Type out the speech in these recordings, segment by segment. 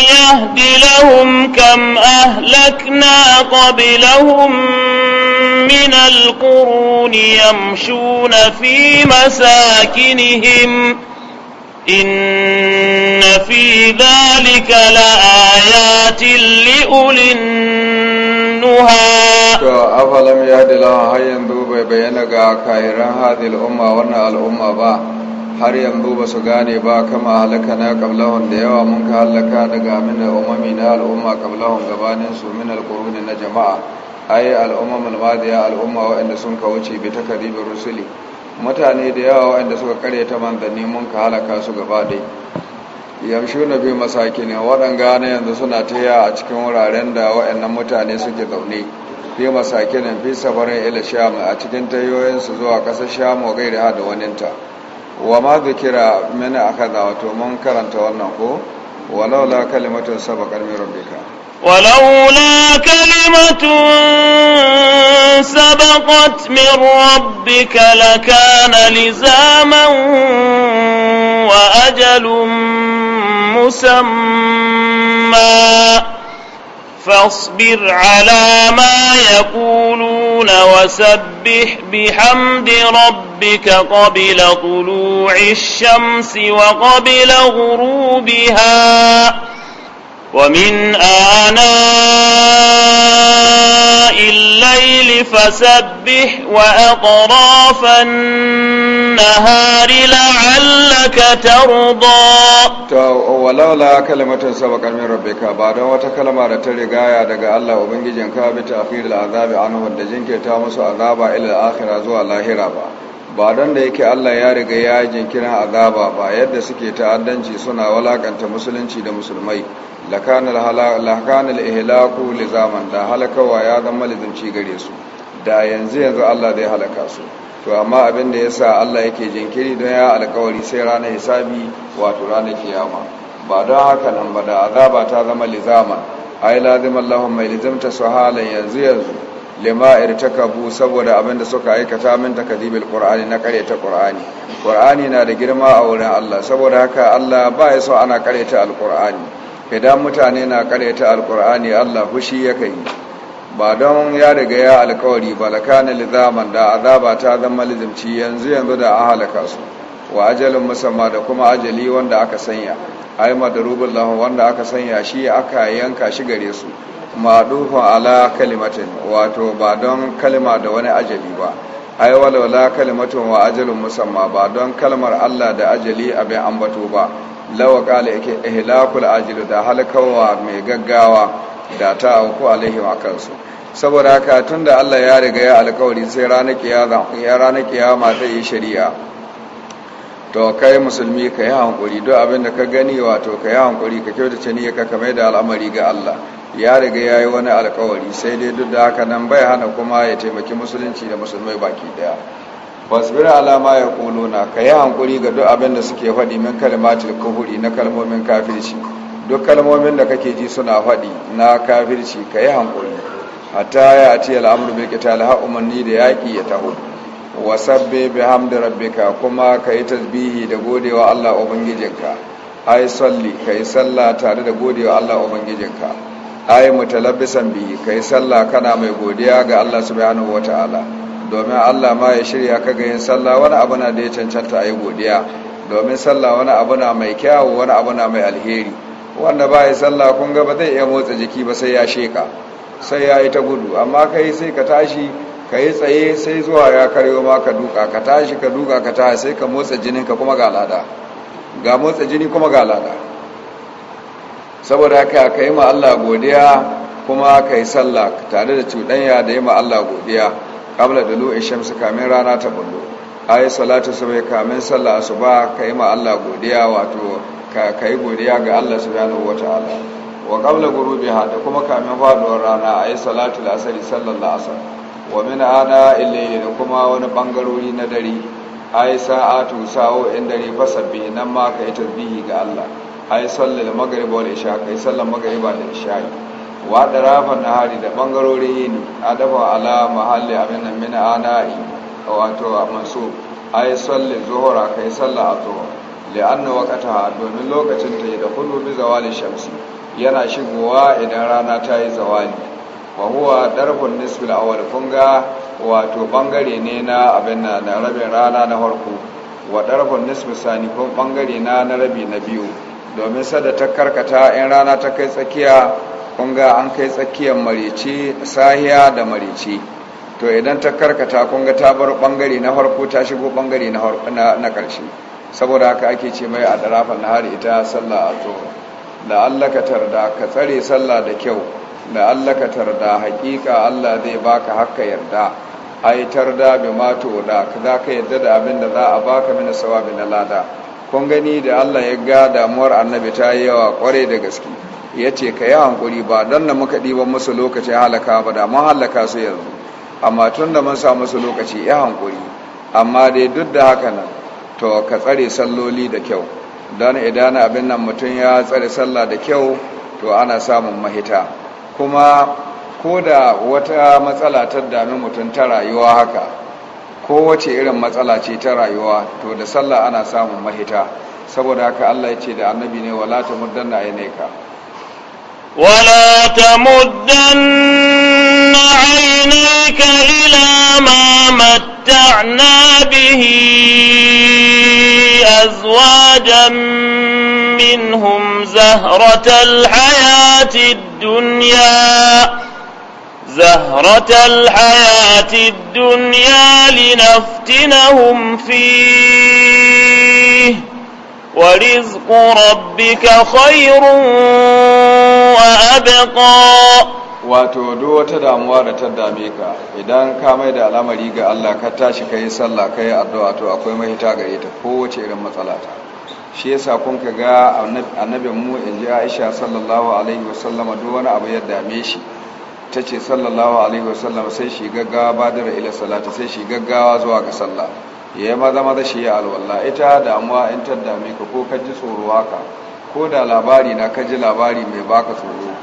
يهد لهم كم أهلكنا قبلهم من القرون يمشون في مساكنهم إن في ذلك لآيات لأولي النهى أفلم يهد لها هيا bai بينك ga هذه الأمة umma الأمة al'umma har yanzu ba su gane ba kama halaka na kablahun da yawa mun ka halaka daga mina umami na al'umma kablahun gabanin su min na jama'a ai al'ummar madiya al'umma waɗanda sun ka wuce bi ta karibin rusuli mutane da yawa waɗanda suka kare ta manzanni mun ka halaka su gaba ɗai yamshu na bi masaki ne waɗanga na yanzu suna taya a cikin wuraren da waɗannan mutane suke zaune fi masaki ne fi safarin ila a cikin tayoyinsu zuwa ƙasar shamu wa gaira da waninta wa ma zikira mana akaza wato mun karanta wannan ko walaula kalimatun sabaqat min rabbika walaula kalimatun sabaqat min rabbika lakana lizaman wa ajalun musamma fasbir ala ma yaqulun يصلون وسبح بحمد ربك قبل طلوع الشمس وقبل غروبها ومن آناء الليل فسبح وأطراف النهار لعلك ترضى ولولا كلمة سبق من ربك بعد وتكلم على تلقايا دقاء الله ومن وبنجي بتأخير العذاب عنه ودجنك تامس عذاب إلى الآخرة زوى الله ba don da yake Allah ya riga ya jinkirin azaba ba yadda suke ta'addanci suna walakanta musulunci da musulmai al ihlaku lizaman da halakawa ya zama lizinci gare su da yanzu yanzu Allah zai halaka su to amma abin da ya sa Allah yake jinkiri don ya alkawari sai ranar hisabi wato ranar kiyama ba don haka nan ba da azaba ta zama lizaman ai lazim Allahun mai lizimta su halin yanzu yanzu lima irtakabu saboda abin da suka aikata min takadibil qur'ani na kare ta qur'ani qur'ani na da girma a wurin Allah saboda haka Allah ba ya so ana kare ta alqur'ani idan mutane na ta alkur'ani Allah hushi ya kai ba don ya riga ya alkawari ba lakana lizaman da azaba ta zama lizimci yanzu yanzu da a halaka su wa ajalin musamman da kuma ajali wanda aka sanya ai Rubin lahu wanda aka sanya shi aka yanka shi gare su madufun ala kalimatin wato ba don kalima da wani ajali ba ai walawala kalimatin wa ajalin musamman ba don kalmar Allah da ajali abin ambato ba lawa kala yake ihlakul ajilu da halakawa mai gaggawa da ta auku alaihi a kansu saboda haka tunda Allah ya riga ya alkawari sai ranar kiyama ta yi shari'a to kai musulmi ka yi hankuri duk abin da ka gani wato ka yi hankuri ka kyautace ne ka kame da al'amari ga Allah ya riga ya yi wani alkawari sai dai duk da haka nan bai hana kuma ya taimaki musulunci da musulmai baki daya wasbir ala ma yaquluna ka yi hankuri ga duk abin da suke faɗi min kalimatul kufuri na kalmomin kafirci duk kalmomin da kake ji suna faɗi na kafirci ka yi hankuri hatta ya ce al'amru bil qital ha umanni da yaki ya taho wasabbe bi rabbika kuma ka yi tasbihi da godewa Allah ubangijinka ai salli ka yi sallah tare da godewa Allah ubangijinka ai mutalabbisan bi ka yi sallah kana mai godiya ga Allah subhanahu wataala domin Allah ma ya shirya ka ga yin sallah wani abu na da ya cancanta a yi godiya domin sallah wani abu na mai kyawu wani abu na mai alheri wanda ba ya sallah kun ga ba zai iya motsa jiki ba sai ya sheka sai ya yi ta gudu amma ka yi sai ka tashi ka yi tsaye sai zuwa ya karyo ma ka duka ka tashi ka duka ka tashi sai ka motsa jinin kuma ga lada ga motsa jini kuma ga lada saboda haka ka yi ma Allah godiya kuma ka yi sallah tare da cuɗanya da yi ma Allah godiya da dulu'i shamsi kamin rana ta bullo ayi salatu subhi kamin sallah asuba kai ma Allah godiya wato ka kai godiya ga Allah subhanahu wataala wa qabla ghurubiha da kuma kamin faduwar rana ayi salatu asari sallallahu asar. wa min ana ile da kuma wani bangarori na dare ayi sa'atu sa'o in dare fasabbi nan ma kai tasbihi ga Allah ayi sallar maghrib wal isha kai sallar magariba da isha wa rafa nahari da bangarorin yini adafa ala mahalli abin nan min ana'i wato mansub ay salli zuhura kai salla na li'anna waqtaha domin lokacin ta da hudu bi zawali shamsi yana shigowa idan rana ta yi zawali ba huwa darbun nisfil awwal kunga wato bangare ne na abin na rabin rana na farko wa darbun nisfil sani kuma bangare na na rabi na biyu domin sada ta karkata in rana ta kai tsakiya kunga an kai tsakiyar marici sahiya da marici to idan ta karkata kunga ta bar bangare na farko ta shigo bangare na karshe saboda haka ake ce mai a na har ita sallah a to da allaka da ka tsare sallah da kyau da allaka da hakika allah zai baka haka yarda ai da bi mato da za ka yarda da abin da za a baka mina sawabi na lada kun gani da allah ya ga damuwar annabi ta yi yawa kwarai da gaske ya ce ka yi hankuri ba don da muka ɗiban musu lokaci halaka ba da mun halaka su yanzu amma tun da mun sa musu lokaci ya hankuri amma dai duk da haka nan to ka tsare salloli da kyau don idan abin nan mutum ya tsare sallah da kyau to ana samun mahita kuma ko da wata matsala ta dami mutum ta rayuwa haka wace irin matsala ce ta rayuwa to da sallah ana samun mahita saboda haka allah ya ce da annabi ne wala ta muddanna ainihinka ولا تمدن عينيك إلى ما متعنا به أزواجا منهم زهرة الحياة الدنيا زهرة الحياة الدنيا لنفتنهم فيه ورزق ربك خير وأبقى wato duk wata damuwa da ta dame ka idan ka mai da al'amari ga Allah ka tashi ka sallah ka addu'a to akwai mahita gare ta kowace irin matsala ta shi yasa kun ka ga annabin mu in ji Aisha sallallahu alaihi wasallama duk wani abu ya dame shi ta ce sallallahu alaihi wasallam sai shi gaggawa badar ila salati sai shi gaggawa zuwa ga sallah ya yi maza maza shi ya alwala ita damuwa in ta dame ka ko ka ji tsoro haka ko da labari na kaji labari mai baka tsoro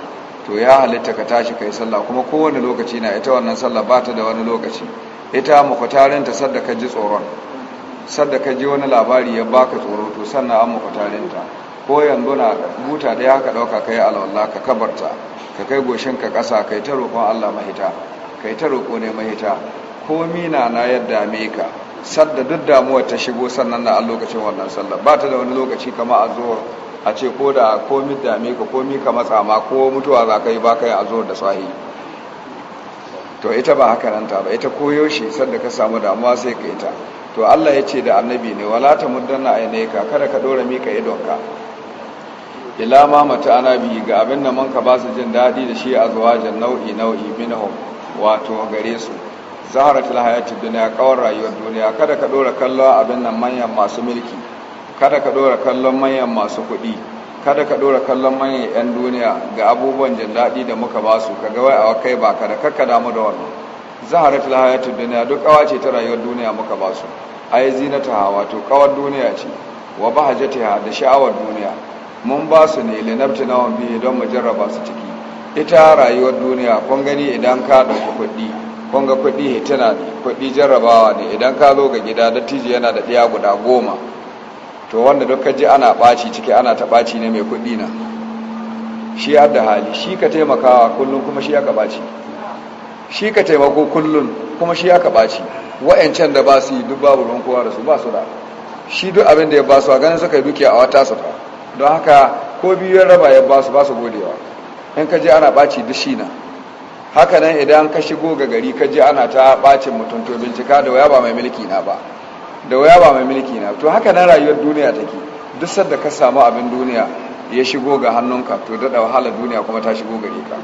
to ya halitta ka tashi kai sallah kuma kowane lokaci na ita wannan sallah ba ta da wani lokaci ita makwatarinta sadda ka ji tsoron sadda ka ji wani labari ya baka tsoro to sannan an makwatarinta ko yanzu na buta da ya ka ɗauka kai alwallah ka kabarta ka kai goshinka ƙasa kai ta roƙon allah mahita kai ta roƙo ne mahita ko mina na yadda me ka sadda duk damuwar ta shigo sannan na a lokacin wannan sallah ba ta da wani lokaci kama a zuwa a ce ko da komi dame ka komi ka matsa ma ko mutuwa za ka yi ba ka a zo da sahi to ita ba haka nan ta ba ita koyo shi sanda ka samu damuwa sai ka ita to Allah ya ce da annabi ne wala ta muddanna ka, kada ka dora mika idonka ila ma mata ana biyi ga abin da manka ba su jin daɗi da shi a zuwa jan nau'i nau'i minhum wato gare su zaharatul hayatid dunya kawar rayuwar duniya kada ka dora kallo abin nan manyan masu mulki kada ka dora kallon manyan masu kuɗi kada ka dora kallon manyan 'yan duniya ga abubuwan jin daɗi da muka ba su ka gawai a kai ba ka da kakka damu da wannan zaharat lahayatu duniya duk kawa ce ta rayuwar duniya muka ba su a zinata wato kawar duniya ce wa bahajatiha da sha'awar duniya mun ba su ne linabta na bi don mu jarraba su ciki ita rayuwar duniya kun gani idan ka dauki kuɗi kun ga kuɗi hitina ne kuɗi jarrabawa ne idan ka zo ga gida dattijo yana da ɗiya guda goma to wanda duka ji ana ɓaci ciki ana ta ɓaci ne mai kuɗi na shi da hali shi ka taimakawa kullum kuma shi aka ɓaci shi ka taimako kullum kuma shi aka ɓaci wa'ancan da ba su yi duk babu ruwan kowa da su ba su da shi duk abin da ya ba su a ganin suka yi dukiya a wata safa don haka ko biyu raba ya ba su ba su godewa in ka je ana ɓaci duk shi na haka nan idan ka shigo ga gari ka je ana ta ɓacin mutum to bincika da waya ba mai mulki na ba da waya ba mai mulki na to haka nan rayuwar duniya take duk sadda ka samu abin duniya ya shigo ga hannunka to daɗa wahala duniya kuma ta shigo gare ka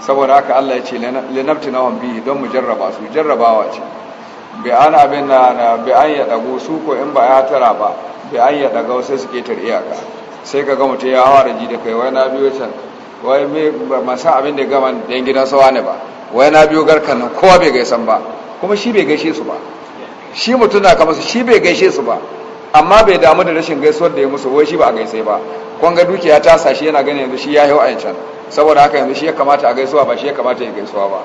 saboda haka Allah ya ce lanabti na bi don mu jarraba su jarrabawa ce bi an abin na bi an ya dago su ko in ba ya tara ba bi an ya daga sai su ketar iyaka sai ka ga mutum ya hawa raji da kai wai na biyo can wai ba san abin da gama yan gidan sawa ne ba wai na biyo garkan nan kowa bai gaisan ba kuma shi bai gaishe su ba shi mutum na kamar shi bai gaishe su ba amma bai damu da rashin gaisuwar da ya musu wai shi ba a gaisai ba kun ga dukiya ta sa shi yana gani yanzu shi ya hau a yancan saboda haka yanzu shi ya kamata a gaisuwa ba shi ya kamata ya gaisuwa ba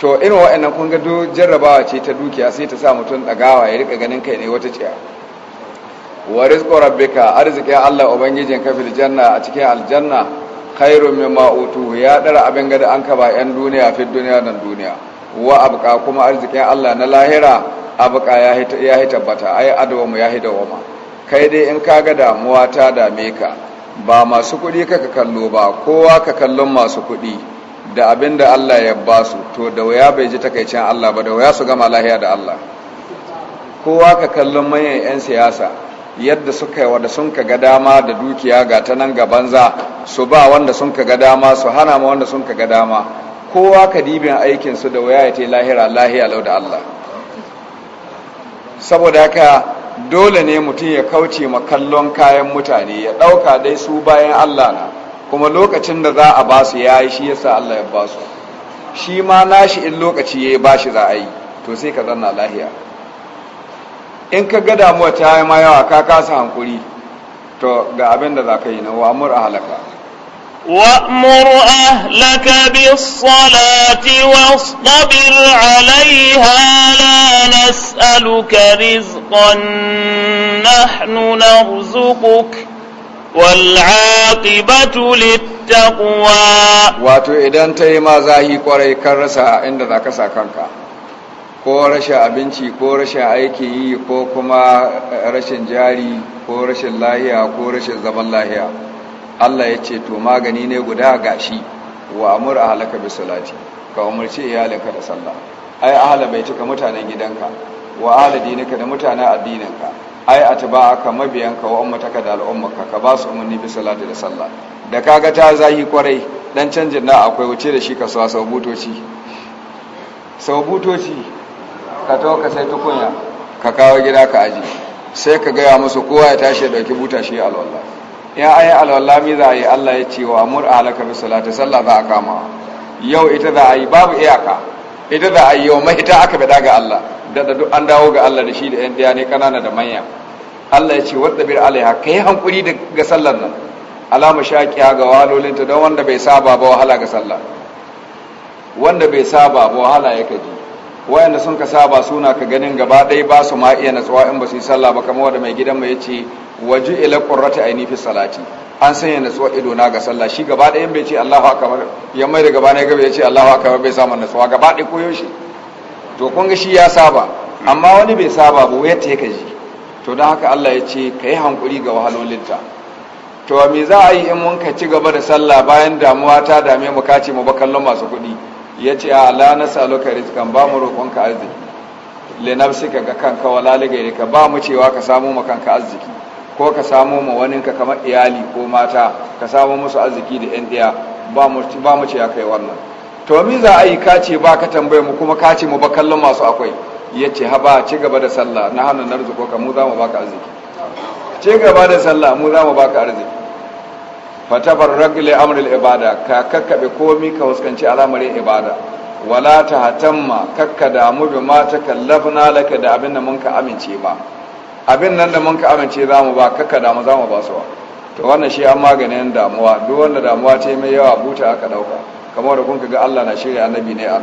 to irin wa'annan kun ga jarrabawa ce ta dukiya sai ta sa mutum dagawa ya rika ganin kai ne wata ciya wa rizqu rabbika arzikin Allah ubangijin ka fil janna a cikin aljanna khairum mimma utu ya dara abin gada an ka ba yan duniya fi duniya nan duniya wa abqa kuma arzikin Allah na lahira abuka ya yi tabbata ai adawamu ya yi dawama kai dai in kaga damuwa ta dame ka ba masu kuɗi ka kallo ba kowa ka kallon masu kuɗi da abinda Allah ya ba su to da waya bai ji takaicin Allah ba da waya su gama lahiya da Allah kowa ka kallon manyan 'yan siyasa yadda suka yi wada sun ka ga dama da dukiya ga ta nan ga banza su ba wanda sun ka ga dama su hana ma wanda sun ka ga dama kowa ka dibin aikinsu da waya ya ta lahira lahiya lau da Allah saboda haka dole ne mutum ya kauce ma kallon kayan mutane ya ɗauka dai su bayan Allah na kuma lokacin da za a ba su ya yi shi yasa Allah ya ba su. shi ma nashi in lokaci ya yi shi za a yi to sai ka zanna lahiya in ka ga damuwa ta yi ma yawa ka kasa hankuri to ga abin da za ka yi na wa mura halaka وأمر أهلك بالصلاة واصطبر عليها لا نسألك رزقا نحن نرزقك والعاقبة للتقوى واتو إذن تيما زاهي قرأي كرسا عند ذاك ساكنك ko rashin abinci ko rashin aiki yi ko kuma rashin jari ko rashin lahiya ko rashin zaman lahiya Allah ya ce to magani ne guda gashi wa amur halaka bi salati ka umarci iyalinka da sallah ai ahla bai cika mutanen gidanka wa ahla dinika da mutanen addininka ai atba'aka mabiyanka wa ummataka da al'ummaka ka ba su umarni bi salati da sallah da kaga ta zahi kwarai dan canjin da akwai wuce da shi kasuwa sau butoci sau butoci ka tawo ka sai tukunya ka kawo gida ka aji sai ka gaya musu kowa ya tashi ya dauki buta shi alwallah ya ayi alwala mi za a yi Allah ya ce wa mur alaka bi salati sallah za a kama yau ita za a yi babu iyaka ita za a yi yau mai ita aka bada ga Allah da da an dawo ga Allah da shi da yan diya ne kanana da manya Allah ya ce wadda bir alaiha kai hankuri ga sallar nan alama shaqiya ga walolinta don wanda bai saba ba wahala ga sallah wanda bai saba ba wahala yake ji wayanda sun ka saba suna ka ganin gaba ɗaya ba su ma iya natsuwa in ba su yi sallah ba kamar wanda mai gidan mai yace waje ila qurrata aini fi salati an sanya natsuwa ido na ga sallah shi gaba ɗaya bai ce Allahu akbar ya mai da gaba ne gaba ya ce Allahu akbar bai samu natsuwa gaba ɗaya koyo shi to kun ga shi ya saba amma wani bai saba ba wayar ta kaji to don haka Allah ya ce ka yi hankuri ga wahalolinta to me za a yi in mun ka ci gaba da sallah bayan damuwa ta dame mu kace mu ba kallon masu kuɗi ya ce a la na salo ka rizkan ba mu roƙon ka arziki le ka ga kanka wala ka ba mu cewa ka samu ma kanka arziki ko ka samo ma waninka kamar iyali ko mata ka samo musu arziki da yan ɗaya ba mu ce ya kai wannan to mi za a yi ka ce ba ka tambaye mu kuma ka ce mu ba kallon masu akwai ya ce haba ci gaba da sallah na hannun narzuko ka mu za mu baka arziki ci gaba da sallah mu za mu baka arziki fatabar ragile amril ibada ka kakkaɓe komi ka huskanci al'amarin ibada wala ta hatamma kakka damu bi ma ta kallafna laka da abin da mun ka amince ba abin nan da mun ka amince za mu ba kakka damu za mu ba su ba to wannan shi an maganin damuwa duk wanda damuwa ce mai yawa buta aka dauka kamar da kun ga Allah na shirya annabi ne an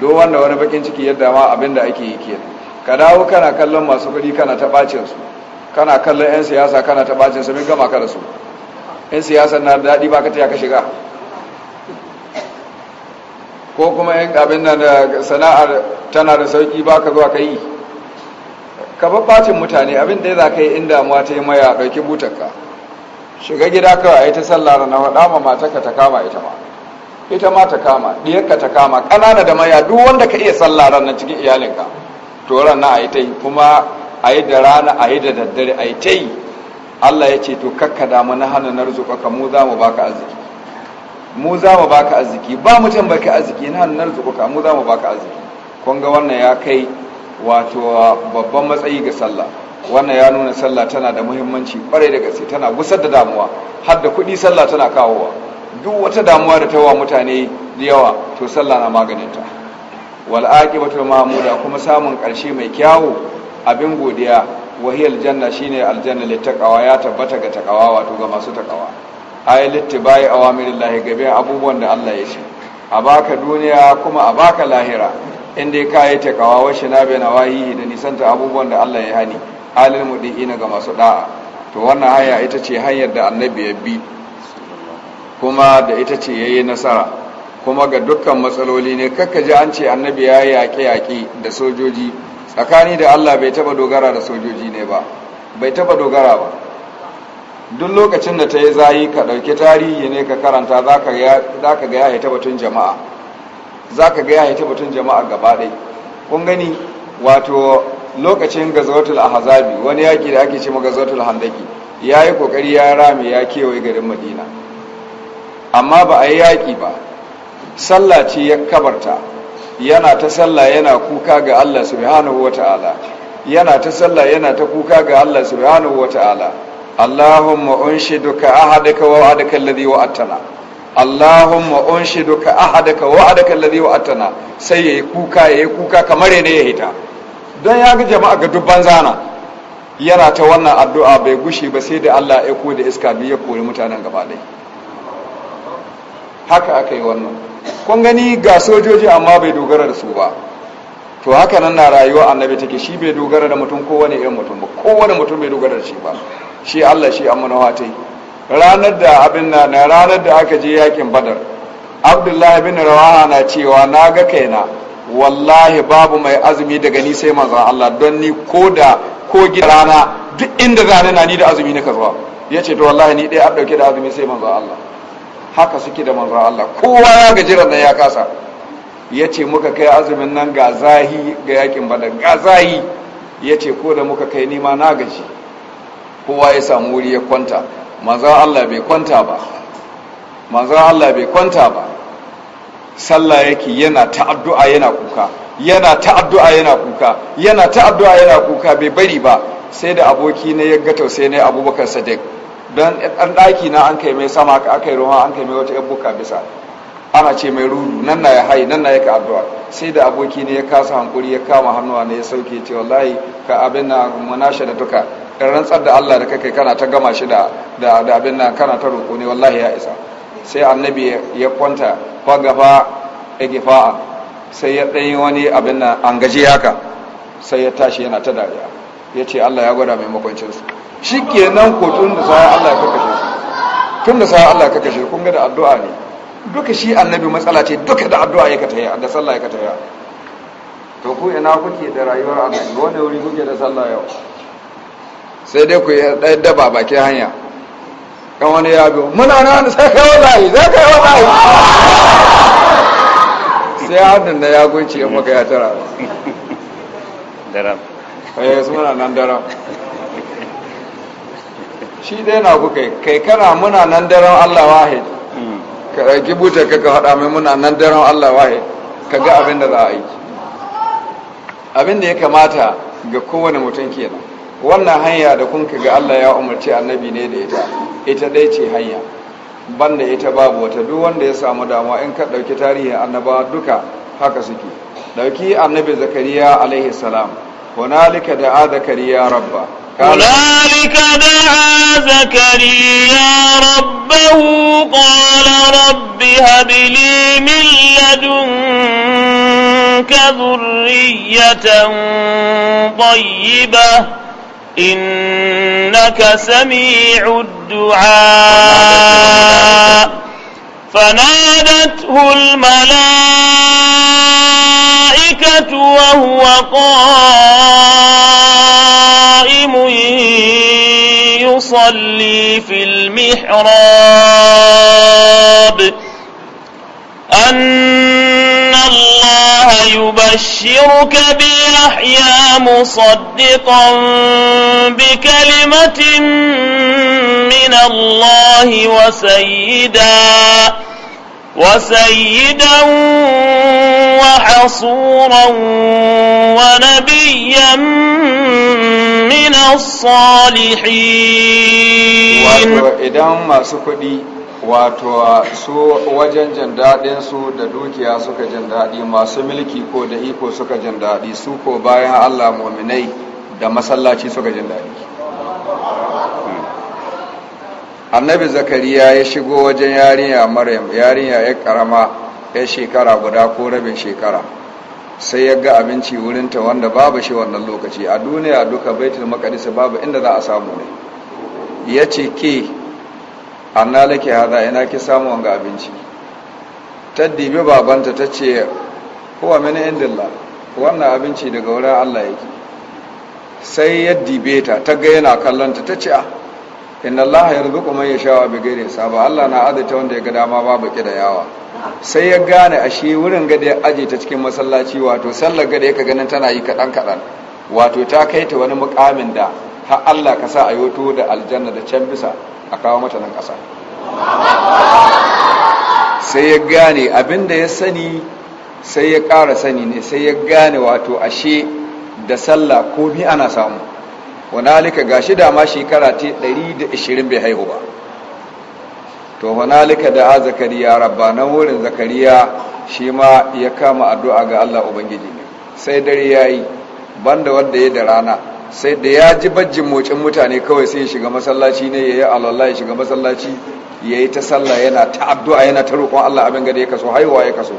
duk wanda wani bakin ciki yadda ma abin da ake yi ke ka dawo kana kallon masu kuɗi kana ta bacin su kana kallon yan siyasa kana ta bacin su mun gama ka da su yan siyasa na daɗi ba ka taya ka shiga ko kuma yan abin nan sana'ar tana da sauki ba ka zuwa ka yi ka babbacin mutane abin da za ka yi in damuwa ta yi maya ɗauki butarka shiga gida kawai a yi ta sallah na faɗa ma ka ta kama ita ma ita ma ta kama ɗiyarka ta kama ƙanana da maya duk wanda ka iya sallah ranar cikin iyalinka to na a yi ta yi kuma a yi da rana a yi da daddare a yi ta yi allah ya ce to kakka damu na hana na ka mu za mu baka arziki mu za mu baka arziki ba mutum ka arziki na hana na ka mu za mu baka arziki kun ga wannan ya kai wato babban matsayi ga sallah wannan ya nuna sallah tana da muhimmanci kwarai da gaske tana gusar da damuwa har da kuɗi sallah tana kawowa duk wata damuwa da ta wa mutane da yawa to sallah na maganinta wal aqibatu mahmuda kuma samun ƙarshe mai kyawu abin godiya wahiyal janna shine aljanna littaqawa ya tabbata ga takawa wato ga masu takawa ayi littibai awamirillahi gabe abubuwan da Allah ya ce a baka duniya kuma a baka lahira inda ka kayi takawa wa shinabe na wahihi da nisanta abubuwan da Allah ya hani alil mudiina ga masu da'a to wannan haya ita ce hanyar da annabi ya bi kuma da ita ce yayi nasara kuma ga dukkan matsaloli ne kakka ji an ce annabi ya yaƙe yaƙi da sojoji tsakani da Allah bai taba dogara da sojoji ne ba bai taba dogara ba duk lokacin da ta yi zayi ka ɗauki tarihi ne ka karanta za ka ga ya taba tun jama'a za ka gaya ya haita batun jama'a gaba ɗai kun gani wato lokacin gazawatul hazabi wani yaƙi da ake ce ma gazawatul handaki ya yi ƙoƙari ya rame ya kewaye garin madina amma ba a yi yaƙi ba sallah ce ya kabarta yana ta sallah yana kuka ga allah subhanahu wa ta'ala yana ta sallah yana ta kuka ga allah subhanahu wa ta'ala allahumma unshiduka ahadaka wa wa'adaka alladhi wa'adtana Allahumma unshiduka ahadaka wa'adaka alladhi wa'atana sai yayi kuka yayi kuka kamar ne ya hita don ya ga jama'a ga dubban zana yana ta wannan addu'a bai gushi ba sai da Allah ya ko da iska biyu ya kori mutanen gaba dai haka aka yi wannan kun gani ga sojoji amma bai dogara da su ba to haka nan na rayuwa annabi take shi bai dogara da mutum ko wani irin mutum ba kowane mutum bai dogara da shi ba shi Allah shi amma na yi ranar da abin na ranar da aka je yakin badar abdullahi bin rawaha na cewa na ga kaina wallahi babu mai azumi daga ni sai manzon Allah don ni ko da ko rana duk inda zan na ni da azumi nika zuwa ya to wallahi ni daya an dauke da azumi sai manzon Allah haka suke da manzon Allah kowa ya gaji nan ya kasa yace muka kai azumin nan ga zahi ga yakin badar ga zahi ya ce ko da muka kai nima na gaji kowa ya samu wuri ya kwanta manzan Allah bai kwanta ba manzan Allah bai kwanta ba sallah yake yana ta'addu'a yana kuka yana ta'addu'a yana kuka yana ta'addu'a yana kuka bai bari ba sai da aboki na ya ga tausayi ne Abubakar Sadiq don ɗan daki na an kai mai sama aka yi ruwa an kai mai wata ka bisa ana ce mai rudu nan na ya hayi nan na yake addu'a sai da aboki ne ya kasa hankuri ya kama hannuwa ne ya sauke ce wallahi ka abin na munasha da duka in rantsar da Allah da kake kana ta gama shi da abin nan kana ta roƙo ne wallahi ya isa sai annabi ya kwanta fa fagafa igifa'a sai ya dai wani abin nan an gaji haka sai ya tashi yana ta dariya ya ce Allah ya gwada mai makwancinsu shi kenan ko tun da sai Allah ya kakashe su tun da sai Allah ya shi kun ga da addu'a ne duka shi annabi matsala ce duka da addu'a ya ka taya da sallah ya ka taya to ku ina kuke da rayuwar annabi wanda wuri kuke da sallah yau sai dai ku yi ɗaya daba bakin hanya kan wani ya biyu muna nan sai kai wallahi sai kai wallahi sai hannun da ya gunci ya maka ya tara daram eh, su muna nan daram shi dai na ku kai kana muna nan daren Allah wahid ka ɗauki buta ka haɗa mai muna nan daren Allah wahid ka ga abin da za a yi abin da ya kamata ga kowane mutum kenan wannan hanya da kun ga Allah ya umarci annabi ne da ita ita dai ce hanya banda ita babu wata duk wanda ya samu damuwa in ka dauki tarihin annabawa duka haka suke dauki annabi zakariya alaihi salam hunalika da'a zakariya rabba هنالك دعا zakariya ربه qala rabbi هب لي من لدنك ذرية tayyibah إنك سميع الدعاء فنادته الملائكة وهو قائم يصلي في المحراب أن إن الله يبشرك بيحيى مصدقا بكلمة من الله وسيدا وسيدا وحصورا ونبيا من الصالحين وإذا ما سكدي wato su wajen jin su da dukiya suka jin daɗi masu mulki ko da iko suka jin daɗi su ko bayan allah mominai da masallaci suka jin daɗi annabi zakariya ya shigo wajen yarinya maryam yarinya ya karama ya shekara guda ko rabin shekara sai ya ga abinci wurinta wanda babu shi wannan lokaci a duniya duka baitul maqdis babu inda za a samu ne ya ce ke anna lake hada ina ki samu wanga abinci ta dibi babanta ta ce huwa min indilla? wannan abinci daga wurin Allah yake sai ya dibe ta ta ga yana kallonta ta ce a ah, inna Allah ya rubuku man yasha wa bighairi saba Allah na adata wanda ya ga dama babu kida yawa sai ya gane ashe wurin gada ya aje ta cikin masallaci wato sallar gada ka ganin tana yi kaɗan-kaɗan, wato ta kai ta wani mukamin da har Allah ka sa a yoto da aljanna da can bisa a kawo mata nan kasa. sai ya gane abinda ya sani sai ya ƙara sani ne sai ya gane wato ashe da sallah ko bi ana samu wanalika ga shi dama shekara ta 120 bai haihu ba to wanalika da a zakariya rabba na wurin zakariya shi ma ya kama addu'a ga Allah Ubangiji ne sai dare ya yi banda wanda ya da rana sai da ya ji bajin mocin mutane kawai sai ya shiga masallaci ne ya yi alallah ya shiga masallaci ya yi ta sallah yana ta abdu'a yana ta roƙon Allah abin gada ya kaso haihuwa ya kaso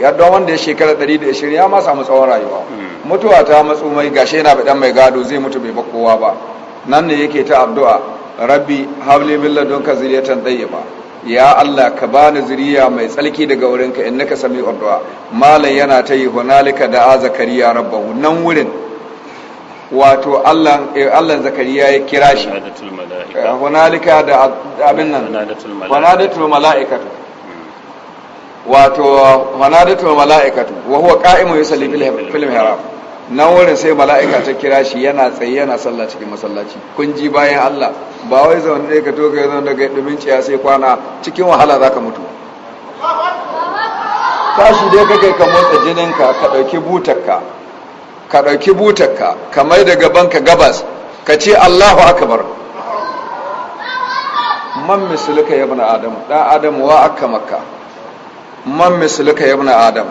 ya don wanda ya shekara 120 ya ma samu tsawon rayuwa hmm. mutuwa ta matsu mai gashe yana baɗan mai gado zai mutu bai ba kowa ba nan ne yake ta addu'a rabbi ka min ladunka zuriyatan tayyiba ya Allah ka bani zuriya mai tsalki daga wurinka innaka sami du'a malan yana ta yi hunalika da zakariya rabbahu nan wurin wato eh, Allah zakariya ya kira shi eh, hunalika da abin nan hunadatul mala'ikatu wato hunadatul mala'ikatu wa huwa qa'imun yusalli fil mihrab nan wurin sai mala'ika ta kira shi yana tsaye yana sallah cikin masallaci kun ji bayan Allah ba wai zaune ne ka to ka zaune daga dumin ciya sai kwana cikin wahala zaka mutu tashi dai kake ka motsa jininka ka dauki butarka ka ɗauki butarka ka mai da gabanka gabas ka ce allahu akabar. man misalika ya bina adam ɗan adam wa aka maka man misalika ya bina adam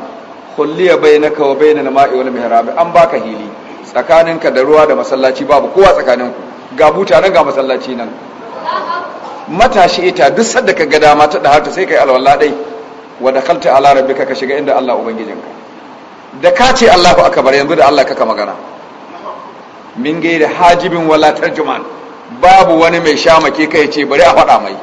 kulliya bai na kawo bai na ma'i wani mihrabi an baka hili tsakaninka da ruwa da masallaci babu kowa tsakanin ga buta nan ga masallaci nan matashi ita duk sadda ka ga dama ta da harta sai ka yi alwallah dai wa da ala rabbika ka shiga inda allah ubangijinka da ka ce Allahu akabar! yanzu da Allah kaka magana min da hajibin wala tarjuman babu wani mai shamake kai ce bari a faɗa mai